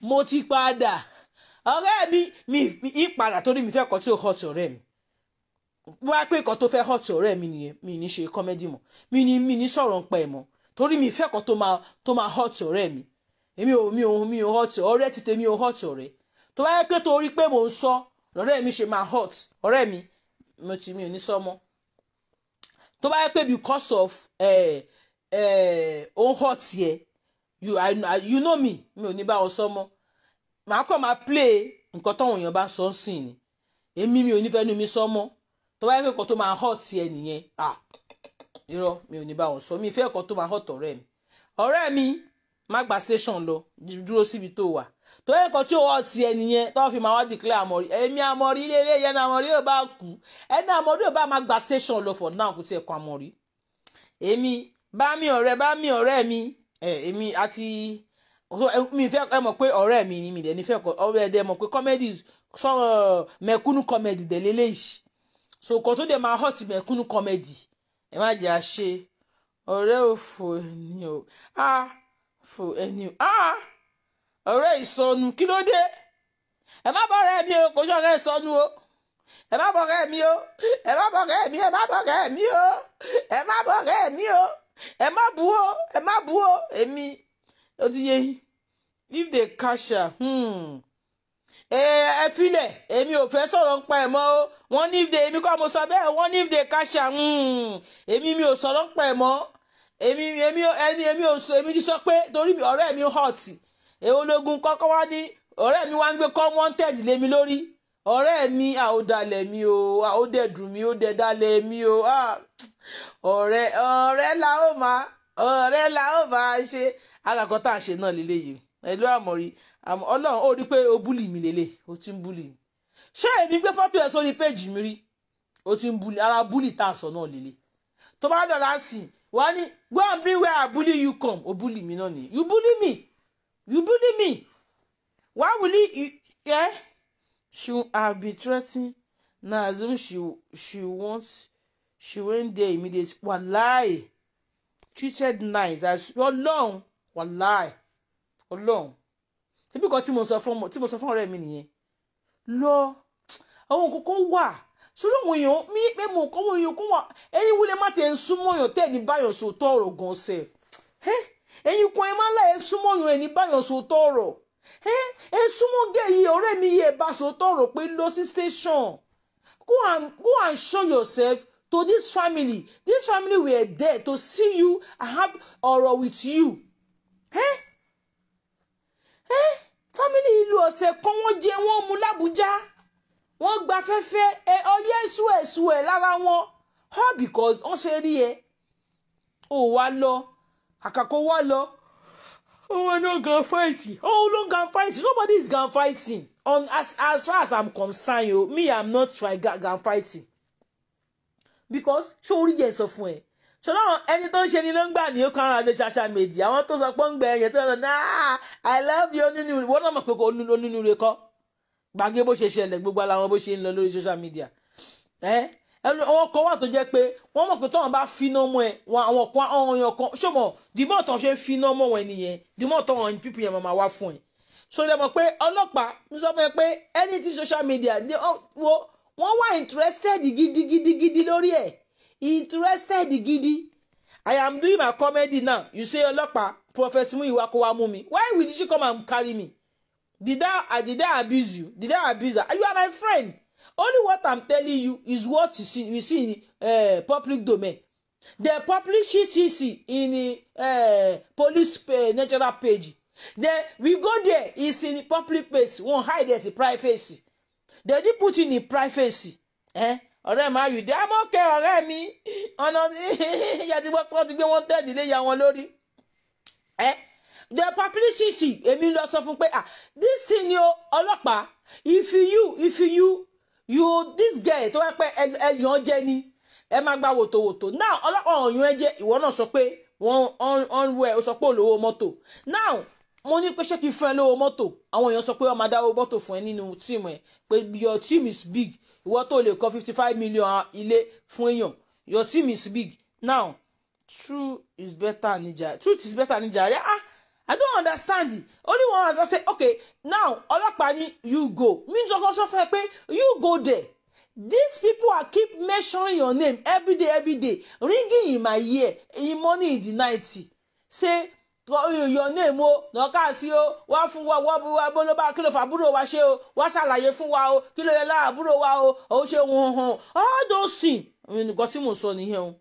mo ti padà ọ̀rẹ́ mi mi ìpadà torí mi fẹ́ kọ́ tí ó hot ọ̀rẹ́ mi wá pé nǹkan tó fẹ́ hot ọ̀rẹ́ mi nìyẹn mi ní ṣe kọ́mẹ́dì mọ́ mi ní mi ní sọ̀rọ̀ ń pa ẹ̀ mọ́ torí mi fẹ́ kọ́ tó máa tó máa hot ọ̀rẹ́ mi èmi ò mi ò mi ò hot ọ̀rẹ́ ti tèmi ò hot ọ̀rẹ́ tó wáyé pé torí pé mò ń sọ lọ́rẹ́ mi ṣe máa hot ọ̀rẹ́ mi mo ti mi ò ní sọ mọ́ tó bá yẹ pé because of ó ń hot yẹ you I, you know me mi ò ní bá wọn sọ mọ́ màá kàn máa play nǹkan táwọn èèyàn bá sọ sí ni èmi mi ò ní fẹ́nu mi sọ mọ́ tó bá yẹ pé nǹkan tó máa hot yẹ nìyẹn ah irọ́ mi ò ní bá wọn sọ mi ìfẹ́ nǹkan tó máa hot ọ̀rẹ́ mi ọ̀rẹ́ mi má gba station lọ dúró síbi tó wà tó yẹ kan tí owó ti ẹni yẹn tó fi máa wá declare àmọ̀rí èmi àmọ̀rí ilé ilé yẹn àmọ̀rí yóò bá kú ẹni àmọ̀rí yóò bá má gba station lọ for now kò tiẹ̀ kan àmọ̀rí èmi bá mi ọ̀rẹ́ bá mi ọ̀rẹ́ mi èmi àti mi fẹ́ ẹ mọ̀ pé ọ̀rẹ́ mi ni mi dẹ̀ ní fẹ́ ọ̀rẹ́ dẹ̀ mọ̀ pé comedy mẹ̀kúnnù comedy dẹ̀ lélẹ́yìí so kò tó dẹ̀ máa hot mẹ̀kúnnù comedy ẹ má jẹ́ àṣe ọ̀rẹ́ òfò ni o ah fún ẹni ah! ọ̀rẹ́ ìsọnù kí ló dé ẹ má bọ̀rẹ́ mi o kò ṣọ̀rẹ́ ìsọnù o ẹ má bọ̀rẹ́ mi o ẹ má bọ̀rẹ́ mi ẹ má bọ̀rẹ́ mi o ẹ má bọ̀rẹ́ mi o ẹ má bu o ẹ má bu o èmi ó ti yé if they catch her hmm. ẹ filẹ̀ èmi ò fẹ́ sọ̀rọ̀ nípa ẹ̀ mọ́ o wọ́n ní if they èmi kọ́ mo sọ bẹ́ẹ̀ wọ́n ní if they catch her hmm. èmi mi ò sọ̀rọ̀ nípa ẹ̀ mọ́ èmi èmi ẹni èmi ò sọ èmi ti sọ pé torí ọ̀rẹ́ mi hot ológun kọ́kọ́ wá ní ọ̀rẹ́ mi wá ń gbé unwanted lé mi lórí ọ̀rẹ́ mi àódàlẹ̀ mi o àódẹ̀dùn mi ó dẹ̀dálẹ̀ mi o ọ̀rẹ́ ọ̀rẹ́ la ó máa ọ̀rẹ́ la ó máa ṣe alákọ̀ tá a ṣe náà lélẹ́yìí ẹ̀lú àmọ̀rí ọlọ́run ó rí pé o búlì mi lélẹ̀ o ti ń búlì mi ṣé èmi gbé fọ́tò ẹ̀ sórí péjì mi rí o ti ń búlì ara búlì tá a sọ náà lélẹ̀ tó bá dọ̀la sí wàá ní go and bring where I bully you come o bully me náà ni you bully me you bully me why will you Yeah, she have been threatening na assume she she want she went there immediately wàláì treated nice as ọlọ́run wàláì ọlọ́run ṣebí kan tí mo sọ fún ọ̀rẹ́ mi nìyẹn lọ àwọn kókó wà sórí àwọn èèyàn mi pé mo kọ́ àwọn èèyàn kó wà ẹ̀yin wúlé má ti ẹ̀ e ń súnmọ́ èèyàn tẹ́ ẹ̀ ní báyọ̀ sòótọ́ ọ̀rọ̀ gan ṣe ẹ̀yin kan ẹ̀ má láyé súnmọ́ èèyàn ẹ̀ ní báyọ̀ sòótọ́ ọ̀rọ̀ ẹ súnmọ́ gẹ̀yì ọ̀rẹ́ mi yẹ bá sòótọ́ ọ̀rọ̀ pé lọ sí station go and go and show yourself to this family this family were there to see you and have ọ̀rọ̀ with you. He? He? family ìlú ọ̀sẹ̀ kan wọ́n jẹ wọ́n mu lábújá wọ́n gba fẹ́fẹ́ ẹ ọyẹ́ èso èso ẹ̀ lára wọn all because wọ́n ṣe rí ẹ ò wá lọ àkàkọ́ wá lọ owó no gan fighting owó no gan fighting nobody is gan fighting on as as far as i'm concerned yo, me i'm not try gan fighting because ṣé orí yẹn sọ fún ẹ ṣọlọ́run ẹni tó ń ṣe ni ló ń gbà ní okun ara ló social media àwọn tó sọ pé ń gbẹ ẹ̀yẹ tó ń lọ náà i love you onínúure wọ́n náà mọ̀ pé onínúure kọ́ gbàgé bó ṣe ṣẹlẹ̀ gbogbo ara wọn bó ṣe ń lọ lórí social media àwọn kan wà tó jẹ́ pé wọ́n mọ̀ pé tọ́wọ́n bá finá mọ́ ẹ wọn àwọn kan àwọn èèyàn kan ṣùgbọ́n dìmọ̀ tán ṣe ń finá mọ́ wọn nìyẹn dìmọ̀ tán wọn pípì yẹn máa wá fún ẹ. so lè mọ̀ pé ọlọ́pàá ń sọ fún ẹ pé anything social media wọ́n wà interested gidigidigidi lórí ẹ̀ interested gidi i am doing my comedy now you say ọlọ́pàá prophet Muyiwa kó wá mú mi why will she come and carry me Did I did I abuse you? Did I abuse her? You are my friend. Only what I'm telling you is what you see you see in uh, public domain. They publish it easy in the uh, police page, eh, natural page. Then we go there, it's in public place. Won't hide there's a privacy. They did put in the privacy. Eh? Alright, my you. ọ̀rẹ́ máa yù dé amọ́kẹ́ ọ̀rẹ́ mi ọ̀nà yàtí wọ́pọ̀ ti gbé wọ́n tẹ̀lé wọn lórí. Eh? the publicity èmi lọ sọ fún pé ah this thing ni ọlọ́pàá if you if you you this guy, tó wá pé ẹyàn jẹ ni ẹ máa gba wòtòwòtò now ọlọ́pàá ọ̀yàn ẹ jẹ ìwọ náà sọ pé wọ́n ọ̀nwẹ̀ ó sọ pé olówó mọ́tò now mo ní pé ṣé kí n fún ẹ lówó mọ́tò àwọn èèyàn sọ pé wọ́n máa dáwó mọ́tò fún ẹ nínú tíìmù ẹ your team is big ìwọ tó lè kọ́ fifty five million ilé fún èèyàn your team is big now truth is better than níjà truth is better than rẹ ah I don't understand it. Only one answer say, okay, now ọlọ́pàá ni you go. Means ọkọ sọ fún pé you go there. These people are keep mentioning your name every day every day ringing in my ear in morning in the night say your name o nọ̀ọ́ká sí o wá fún wa wá wá bọ́lọ́bà kí ló fà àbúrò wa ṣe o wá ṣàlàyé fún wa o kí ló yẹ lára àbúrò wa o òun ṣe wọn hàn all those things nǹkan tí mò ń sọ nìyẹn o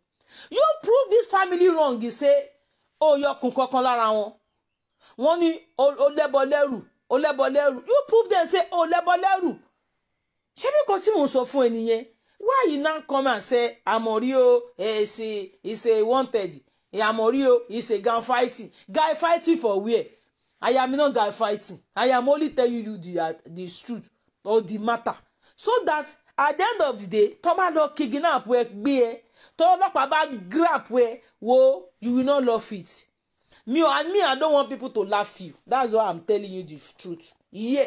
you prove this family wrong You say o yọkùn kankan lára wọn wọ́n ní ó lẹ́bọ lẹ́rù ó lẹ́bọ lẹ́rù you prove them say ó lẹ́bọ lẹ́rù ṣé bí kò tí mò ń sọ fún ẹ why you now come and say Amori o eh, is a is a wanted eh, Amori o is a gang fighting guy fighting for where I am not guy fighting I am only tell you the uh, the truth or the matter so that at the end of the day tó bá lọ kidnap ẹ gbé ẹ tó ọlọ́pàá bá grab ẹ wo you will not love it me and me i don't want people to laugh you that's why i'm telling you the truth yeah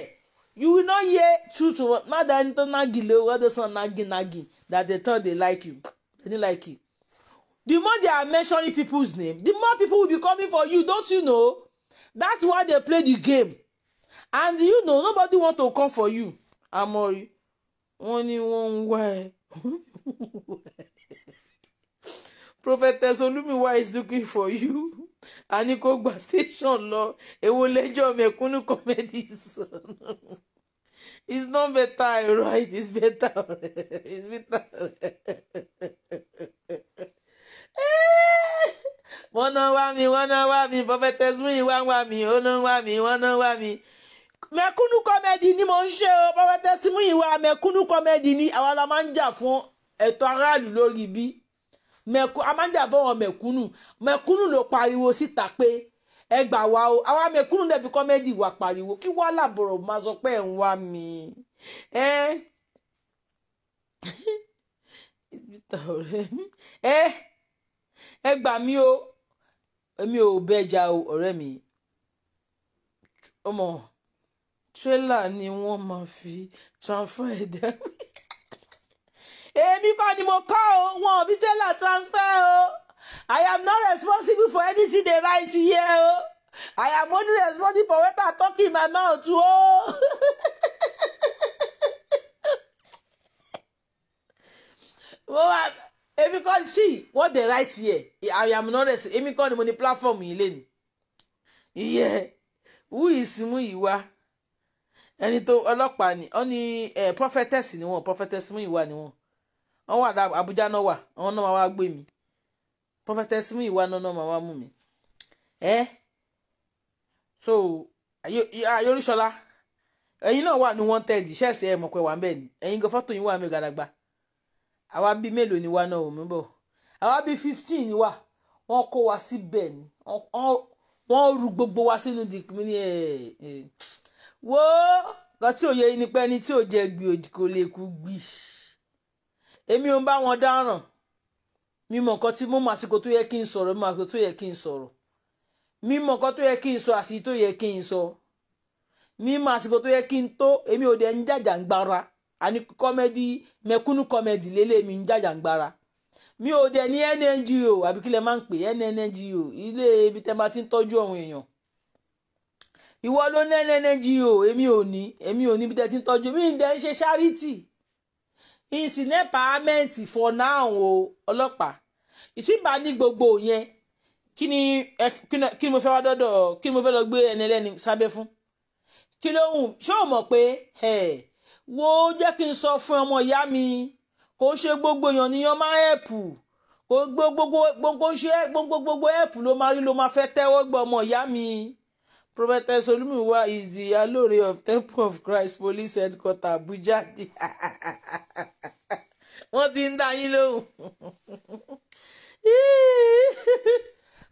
you will not hear truth from mother nito nagi le whether son nagi nagi that they thought they like you they didn't like you the more they are mentioning people's name the more people will be coming for you don't you know that's why they play the game and you know nobody want to come for you amori only one way. ń wá ẹ prophetess olumiwa is looking for you a ní kó gba station lọ èwo lẹ́jọ́ mẹ̀kúnnù comedy sàn it's not better I write it's better it's better wọ́n náà wá mi wọ́n náà wá mi prophetess mi wá wá mi ó náà wá mi wọ́n náà wá mi mẹ̀kúnnù comedy ni mo ń ṣe o prophetess mi wá mẹ̀kúnnù comedy ni àwa la máa ń jà fún ẹ̀tọ́ aráàlú lórí bí mẹ̀kú amájà fọwọ́n mẹ̀kúnù mẹ̀kúnù ló pariwo síta pé ẹ gbà wá o àwa mẹ̀kúnù dẹ̀ fi kọ́mẹ́dì wà pariwo kí wàá làbọ̀rọ̀ máa sọ pé ẹ̀ ń wá mi. ẹ ẹ gbà mí o èmi ò bẹ́jà o ọ̀rẹ́ mi ọmọ tírélà ni wọ́n máa fi transfer ẹ̀dá mi èmi kọ́ ni mo kọ́ o wọn ò fi transfer o I am not responsible for anything they write here o I am only responsible for what I talk in my mouth o. wọ́n wá èmi kọ́ sí what they write here I am not responsible èmi kọ́ ni mo ní platform yìí lé ni ìyẹn who is Muyiwa ẹni tó ọlọ́pàá ni ọ ní eh, prophetess ni wọn prophetess Muyiwa ni wọn wọ́n wà Abuja náà wà àwọn náà máa wá gbé mi prophetess mú ìwà náà náà máa wá mú mi ẹ so Ayọ̀ríṣọlá ẹ̀yin náà wà ní wanted ṣẹ́ẹ̀sì ẹ̀ mọ̀ pé wà ń bẹ̀ ni ẹ̀yin gan fọ́tò yín wà mí gàdàgbà àwa bíi mélòó ni wà náà ò mú bọ̀ àwa bíi fifteen ni wà wọ́n kó wa síbẹ̀ ni wọ́n ru gbogbo wa sínú di ní ẹ̀ ẹ̀ wo kan tí òye ni pé ẹni tí ò jẹ gbì òdì kò lè kú gbì èmi ò ń bá wọn dáràn mímọ̀ nǹkan tí mo mọ àsìkò tó yẹ kí n sọ̀rọ̀ mímọ̀ àsìkò tó yẹ kí n sọ̀rọ̀ mímọ̀ nǹkan tó yẹ kí n sọ àsìkò tó yẹ kí n sọ mímọ̀ àsìkò tó yẹ kí n tó èmi ò dẹ̀ ń jàjàngbara àní kọ́mẹ́dì mẹ̀kúnnù kọ́mẹ́dì lélẹ̀ mi ń jàjàngbara mi ò dẹ̀ ní NNGO àbí kí lẹ máa ń pè NNGO ilé ibi tẹ́ bá ti ń tọ́jú àwọn èèyàn ìwọ ló ní NNGO èmi ò ní èmi ò ní ibi tẹ́ ti ń tọ́jú mi ń dẹ̀ ń ṣe ṣáríìtì is in empowerment for now o ọlọ́pàá ìtìbà ní gbogbo yẹn kí ni kí ni mo fẹ́ wá dọ́dọ̀ kí ni mo fẹ́ lọ gbé ẹni ẹlẹ́ni sábẹ́ fún kí ló hùn ṣé o mọ̀ pé wo jẹ́ kí n sọ fún ọmọ ìyá mi kò ń ṣe gbogbo ni níyan m'a ẹ̀pù kò gbogbo gbogbo gbogbo gbogbo ẹ̀pù ló máa rí ló máa fẹ́ tẹ́wọ́ gbọ́ ọmọ ìyá mi Prophetess Olumuyiwa is the Alore of Temple of Christ Police Headquarters Abuja. Wọ́n ti ń dá yín lóhùn.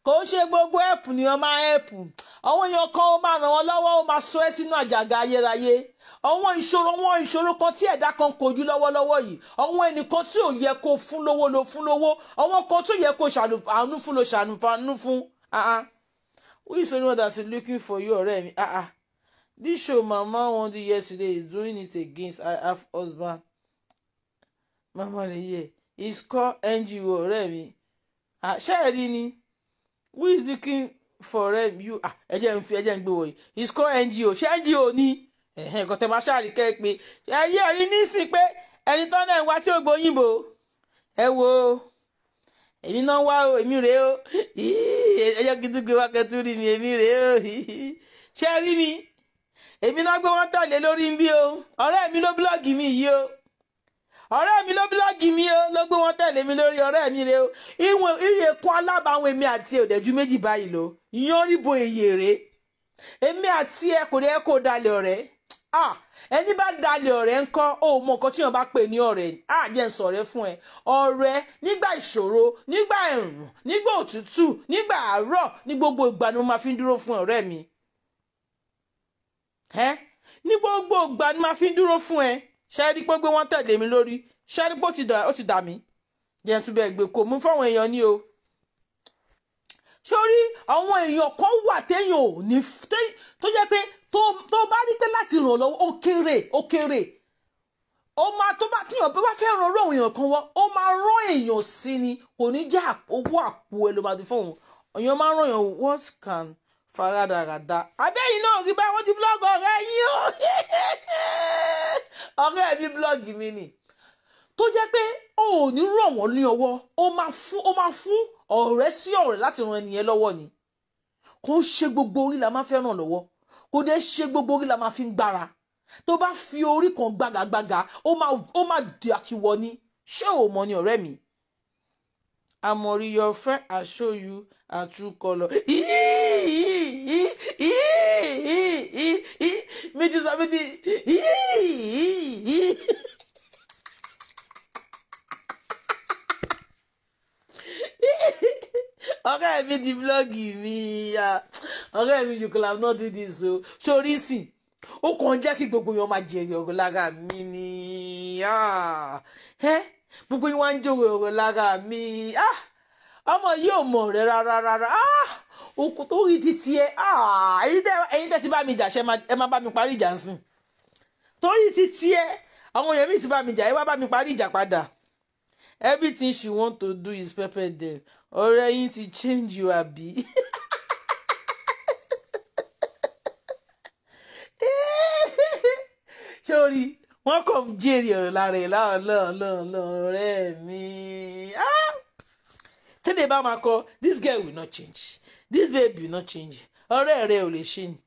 Kò ṣe gbogbo ẹ̀pù ni wọ́n máa ẹ̀pù. Àwọn èèyàn kan ó máa ràn wọ́n lọ́wọ́ ó máa sọ ẹ́ sínú àjàgà ayérayé. Àwọn ìṣòro wọn ìṣòro kan tí ẹ̀dá kan kojú lọ́wọ́lọ́wọ́ yìí. Àwọn ẹnìkan tí ò yẹ kó fún lówó lo fún lówó. Àwọn kan tó yẹ kó ṣàánú fún lo ṣàánú fún. Ah, ah. Who is anyone that's looking for you already? Ah ah. This show mama wanted yesterday is doing it against I have husband. Mama Leye. he's called NGO already. Ah, Sherry ni. Who is looking for um, you? Ah, ẹ jẹ́ n fi ẹ jẹ́ n gbé wọ̀nyí. It's called NGO. Ṣé NGO ni? Ẹ̀hẹ́n, nǹkan tẹ́ máa ṣáàrí kẹ́ pé. Ẹ̀yẹ́ rí nísìn pé ẹni tán náà ń wá tí ó gbóyìnbó. Ẹ èmi náà wá o èmi rèé o ẹjọ́ kí n tún gbé wá kẹtù rí mi èmi rèé o ṣé ẹ rí mi èmi náà gbé wọn tẹ̀lé lórí mi o ọ̀rẹ́ mi ló búlọ́ọ̀gì mi yìí o ọ̀rẹ́ mi ló búlọ́ọ̀gì mi o ló gbé wọn tẹ̀lé mi lórí ọ̀rẹ́ mi rèé o ìwọ̀n ìrè kún alábàáwọn èmi àti òdẹ̀jú méjì báyìí lọ yan ríbo èyè rèé èmi àti ẹ kò rẹ kò dalẹ̀ ọ̀rẹ́ Ah, ẹni bá dalẹ̀ ọ̀rẹ́ ńkọ́ ó mọ nǹkan tí wọ́n bá pè ní ọ̀rẹ́ á ah, jẹ́ ń sọ̀rẹ́ fún ẹ ọ̀rẹ́ nígbà ìṣòro nígbà ẹ̀rùn nígbà òtútù nígbà àárọ̀ ní gbogbo ìgbà ni mo máa fi ń dúró fún ọ̀rẹ́ mi ẹ ní gbogbo ìgbà ni mo máa fi ń dúró fún ẹ ṣe rí pé wọ́n tẹ̀lé mi lórí ṣe rí pé ó ti dà mí jẹ́ tún bẹ́ẹ̀ gbé kò mú fáwọn èèyàn ní o sórí àwọn èèyàn kan wà téèyàn ò ní tó jẹ́ pé tó bá rí pé láti ràn lọ́wọ́ ó kéré ó kéré ó máa tó bá tíyàn bí wọ́n fẹ́ ran ọ̀rọ̀ èèyàn kan wọ́ ó máa rán èèyàn sí ni kò ní jẹ́ owó àpò ẹlòmọdé fún òun èèyàn máa ràn yàn what can faradarada abẹ́yìn náà rí báyìí wọ́n ti blọ́ọ̀gì ọ̀rẹ́ yìí o ọ̀rẹ́ mi blọ́ọ̀gì mi nì tó jẹ́ pé o ò ní ràn wọ́n ní ọwọ́ ó máa fún ọ̀rẹ́ sí ọ̀rẹ́ láti ran ẹnìyẹn lọ́wọ́ ni kò ń ṣe gbogbo orí la máa fẹ́ ràn lọ́wọ́ kò dé ṣe gbogbo orí la máa fi ń gbára tó bá fi orí kan gbàgàgbàgà ó máa di àtiwọ ṣé ò mọ ni ọ̀rẹ́ mi. àmọ̀rí your friend has show you her true colour. mi ti sọ ọ̀rẹ́ mi di búlọ́ọ̀gì mi ọ̀rẹ́ mi you can not do this o sórí sìn ó kàn jẹ́ kí gbogbo yẹn máa jèrè ọ̀rọ̀ lára mi ni gbogbo yẹn wá ń jòrò ọ̀rọ̀ lára mi ọmọ yìí ò mọ̀ rẹ̀ rárá rárá okùn tó rí ti tiẹ̀ ẹ̀yin tẹ́ ti bá mi jà ṣe ẹ má bá mi parí ìjà ń sìn torí ti tiẹ̀ àwọn èèyàn mi ti bá mi jà ẹ wá bá mi parí ìjà padà everything she want to do is perfect there ọ̀rẹ́ yín ti change you àbí. sórí wọn kò ń jèrè ọ̀rọ̀ lára ẹ̀ láwọn lọ́ọ̀lọ́ọ̀lọ́ ọ̀rẹ́ mi. Ah! tẹ́lẹ̀ bá máa kọ this girl will not change this babe will not change ọ̀rẹ́ rẹ̀ ò lè ṣe ni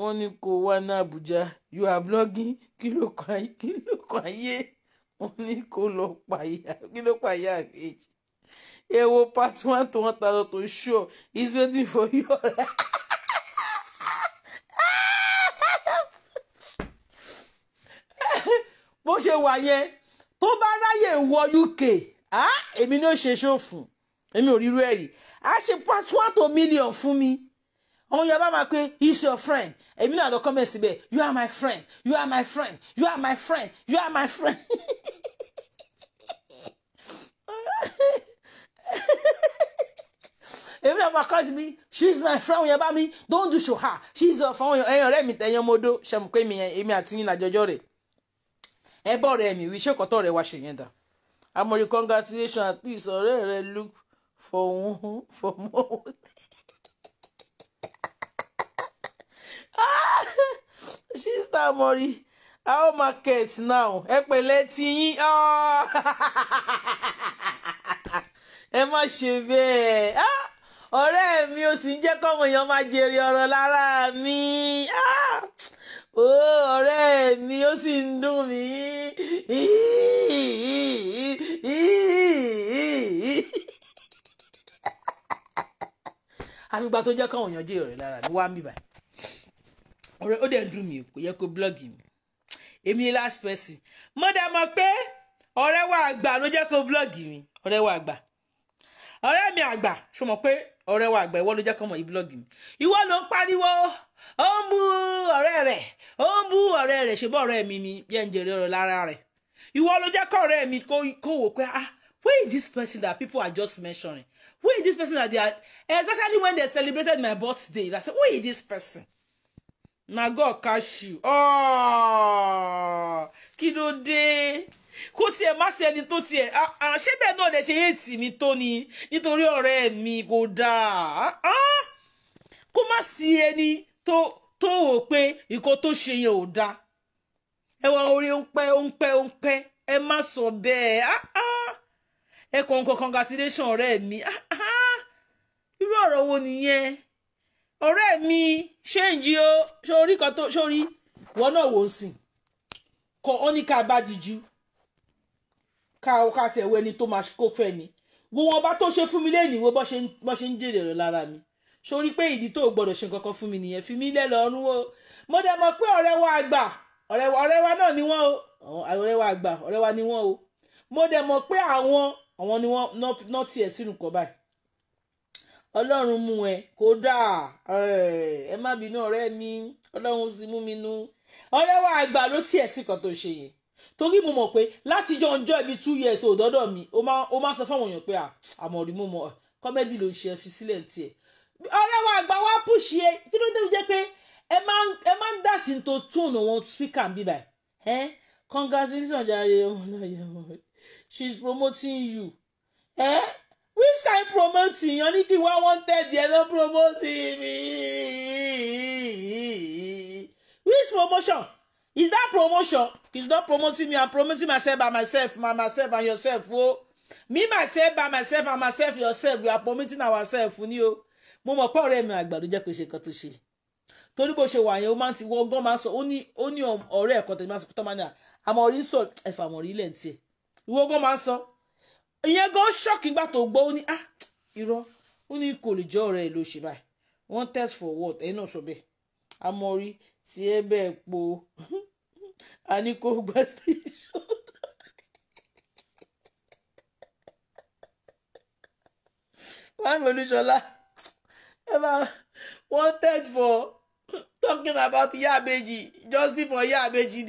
wọ́n ní kó wá ní Àbújá you are blogging kí ló kọ ayé wọ́n ní kó lọ pààyà kí ló pààyà àkejì will part one to one thousand to show he's waiting for you. bó ṣe wà yẹn tó bá ráyè wọ UK èmi ni ó ṣe ṣòfò èmi ò rírú ẹ̀ rí a ṣe part one to million fún mi àwọn yorùbá máa pe he's your friend èmi náà lọ comment síbẹ̀ you are my friend you are my friend you are my friend you are my friend. èmi náà máa kọ́sí mi she is my friend yẹn bá mi don't do show her she is your friend ẹ̀yin ọ̀rẹ́ mi tẹ̀yìn ọmọdó ṣẹ̀mù pé èmi àti yín àjọjọ́ rẹ̀ ẹ bọ́ ọ̀rẹ́ mi wí ṣèkọ́tọ̀ rẹ̀ wá ṣe yẹn dà amọ̀rí congratulation at least ọ̀rẹ́ rẹ̀ look for one for more. Ah! sista amọ̀rí how market now ẹ pẹ̀lẹ́ tí yín ah! ẹ má ṣe bẹ́ẹ̀. Ah! ọ̀rẹ́ mi ò sì ń jẹ́ kọ́mọ èèyàn máa jèrè ọ̀rọ̀ lára mi ah! ó ọ̀rẹ́ mi ó sì ń dùn mí. àfìgbà tó jẹ́ kọ́mọ èèyàn jèrè ọ̀rẹ́ lára mi wá ń bìbà ọ̀rẹ́ ó dẹ̀ ń dùn mí kò yẹ kó blọ́ọ̀gì mi èmi ni last person mo dẹ̀ mọ̀ pé ọ̀rẹ́ wa àgbà ló jẹ́ kó blọ́ọ̀gì mi ọ̀rẹ́ wa àgbà ọ̀rẹ́ mi àgbà ṣó mọ̀ pé ọ̀rẹ́ wa àgbà ìwọ ló jẹ́ kọ́mọ yìí búlọ́ọ̀gì mi ìwọ ló ń pariwo ó ń bú ọ̀rẹ́ rẹ̀ ó ń bú ọ̀rẹ́ rẹ̀ ṣùgbọ́n ọ̀rẹ́ mi ni bí ẹ̀ ń jèrè ọ̀rọ̀ lára rẹ̀ ìwọ ló jẹ́ ọ̀rẹ́ mi kó wò pé ah where is this person that people are just mentioning where is this person that they are especially when they celebrated my birthday i say where is this person na god catch you oh, kí ló dé kó tiẹ̀ má ṣe ẹni tó tiẹ̀ ah, ah, ṣé bẹ́ẹ̀ náà lè ṣe èètì mi tó ni nítorí ọ̀rẹ́ mi kò dáa ah, kó má sí ẹni tó tó wò pé nǹkan tó ṣe yẹn ò dáa ẹ wá orí ó ń pẹ́ ó ń pẹ́ ó ń pẹ́ ẹ má sọ bẹ́ẹ̀ ẹ kàn ń kọ congratulation ọ̀rẹ́ mi irú ọ̀rọ̀ wo nìyẹn ọ̀rẹ́ mi ṣé ń jí o ṣé orí kan tó ṣé orí wọn náà wò ó sìn kọ ọ́ ní ká bá dìjú ká ká tiẹ̀ wẹ́ni tó máa kó fẹ́ ni wo wọn bá tó ṣe fún mi lẹ́yìn wo bọ́ ṣe ń jèrè rẹ̀ lára mi sórí pé ìdí tó gbọ́dọ̀ ṣe kankan fún mi nìyẹn fi mí lẹ́ lọ́rùn o mo dẹ̀ mọ̀ pé ọ̀rẹ́ wa àgbà ọ̀rẹ́ wa náà ni wọ́n o ọ̀rẹ́ wa àgbà ọ̀rẹ́ wa ni wọ́n o mo dẹ̀ mọ̀ pé àwọn àwọn ni wọ́n ná tiẹ̀ sínú kan báyìí ọlọ́run mú ẹ kódà ẹ má bínú ọ̀rẹ́ mi ọlọ́run sì mú mi nú ọ̀rẹ́ wa àgbà ló tiẹ̀ sí kan tó ṣe yẹn torí mo mọ̀ pé látijọ́ ọjọ́ ibi two years ò dọ́dọ̀ mi ó máa sọ fáwọn èèyàn pé ah, àmọ̀rí mo mọ̀ kọ́mẹ́dì ló ń ṣe fi sílẹ̀ tiẹ̀ ọ̀rẹ́ wa àgbà wa pùṣì ẹ e. kí ló dé jẹ́ pé ẹ máa ń dà sí to tone wọn speaker bí báyìí ẹ congratulations jare she's promoting you ẹ eh? which kind promoting yan ní kí wọ́n wọ́n tẹ̀ díẹ̀ ló promoting me which promotion is that promotion is not promoting me i'm promoting myself by myself my myself and yourself oh. me myself by myself and myself yourself we are promoting ourselves you o mo mọ̀ pé ọ̀rẹ́ mi àgbà ló jẹ́ kó ṣe kan tó ṣe torí bó ṣe wà yẹn ó máa ń ti wọ ọgán máa ń sọ ó ní ó ní ọ̀rẹ́ ẹ̀kọ́ tẹ̀lé máa ń sọ tọ́mọ náà àmọ̀rí sọ ẹ̀fà àmọ̀rí ilẹ̀ ń tiẹ̀ ìwọ ọgán máa ń sọ ìyẹn gan ṣọ́ọ̀kì ah iro oni ní kò lè jẹ́ ọ̀rẹ́ ìlú ṣe one test for what ẹ̀yin náà sọ bẹ́ẹ̀ àmọ̀rí tiẹ̀ bẹ́ẹ̀ po a ní kó gba station. Mami Olúṣọlá ẹ bá wọ́n tẹ̀ for talking about Ìyá just for Ìyá Ìbejì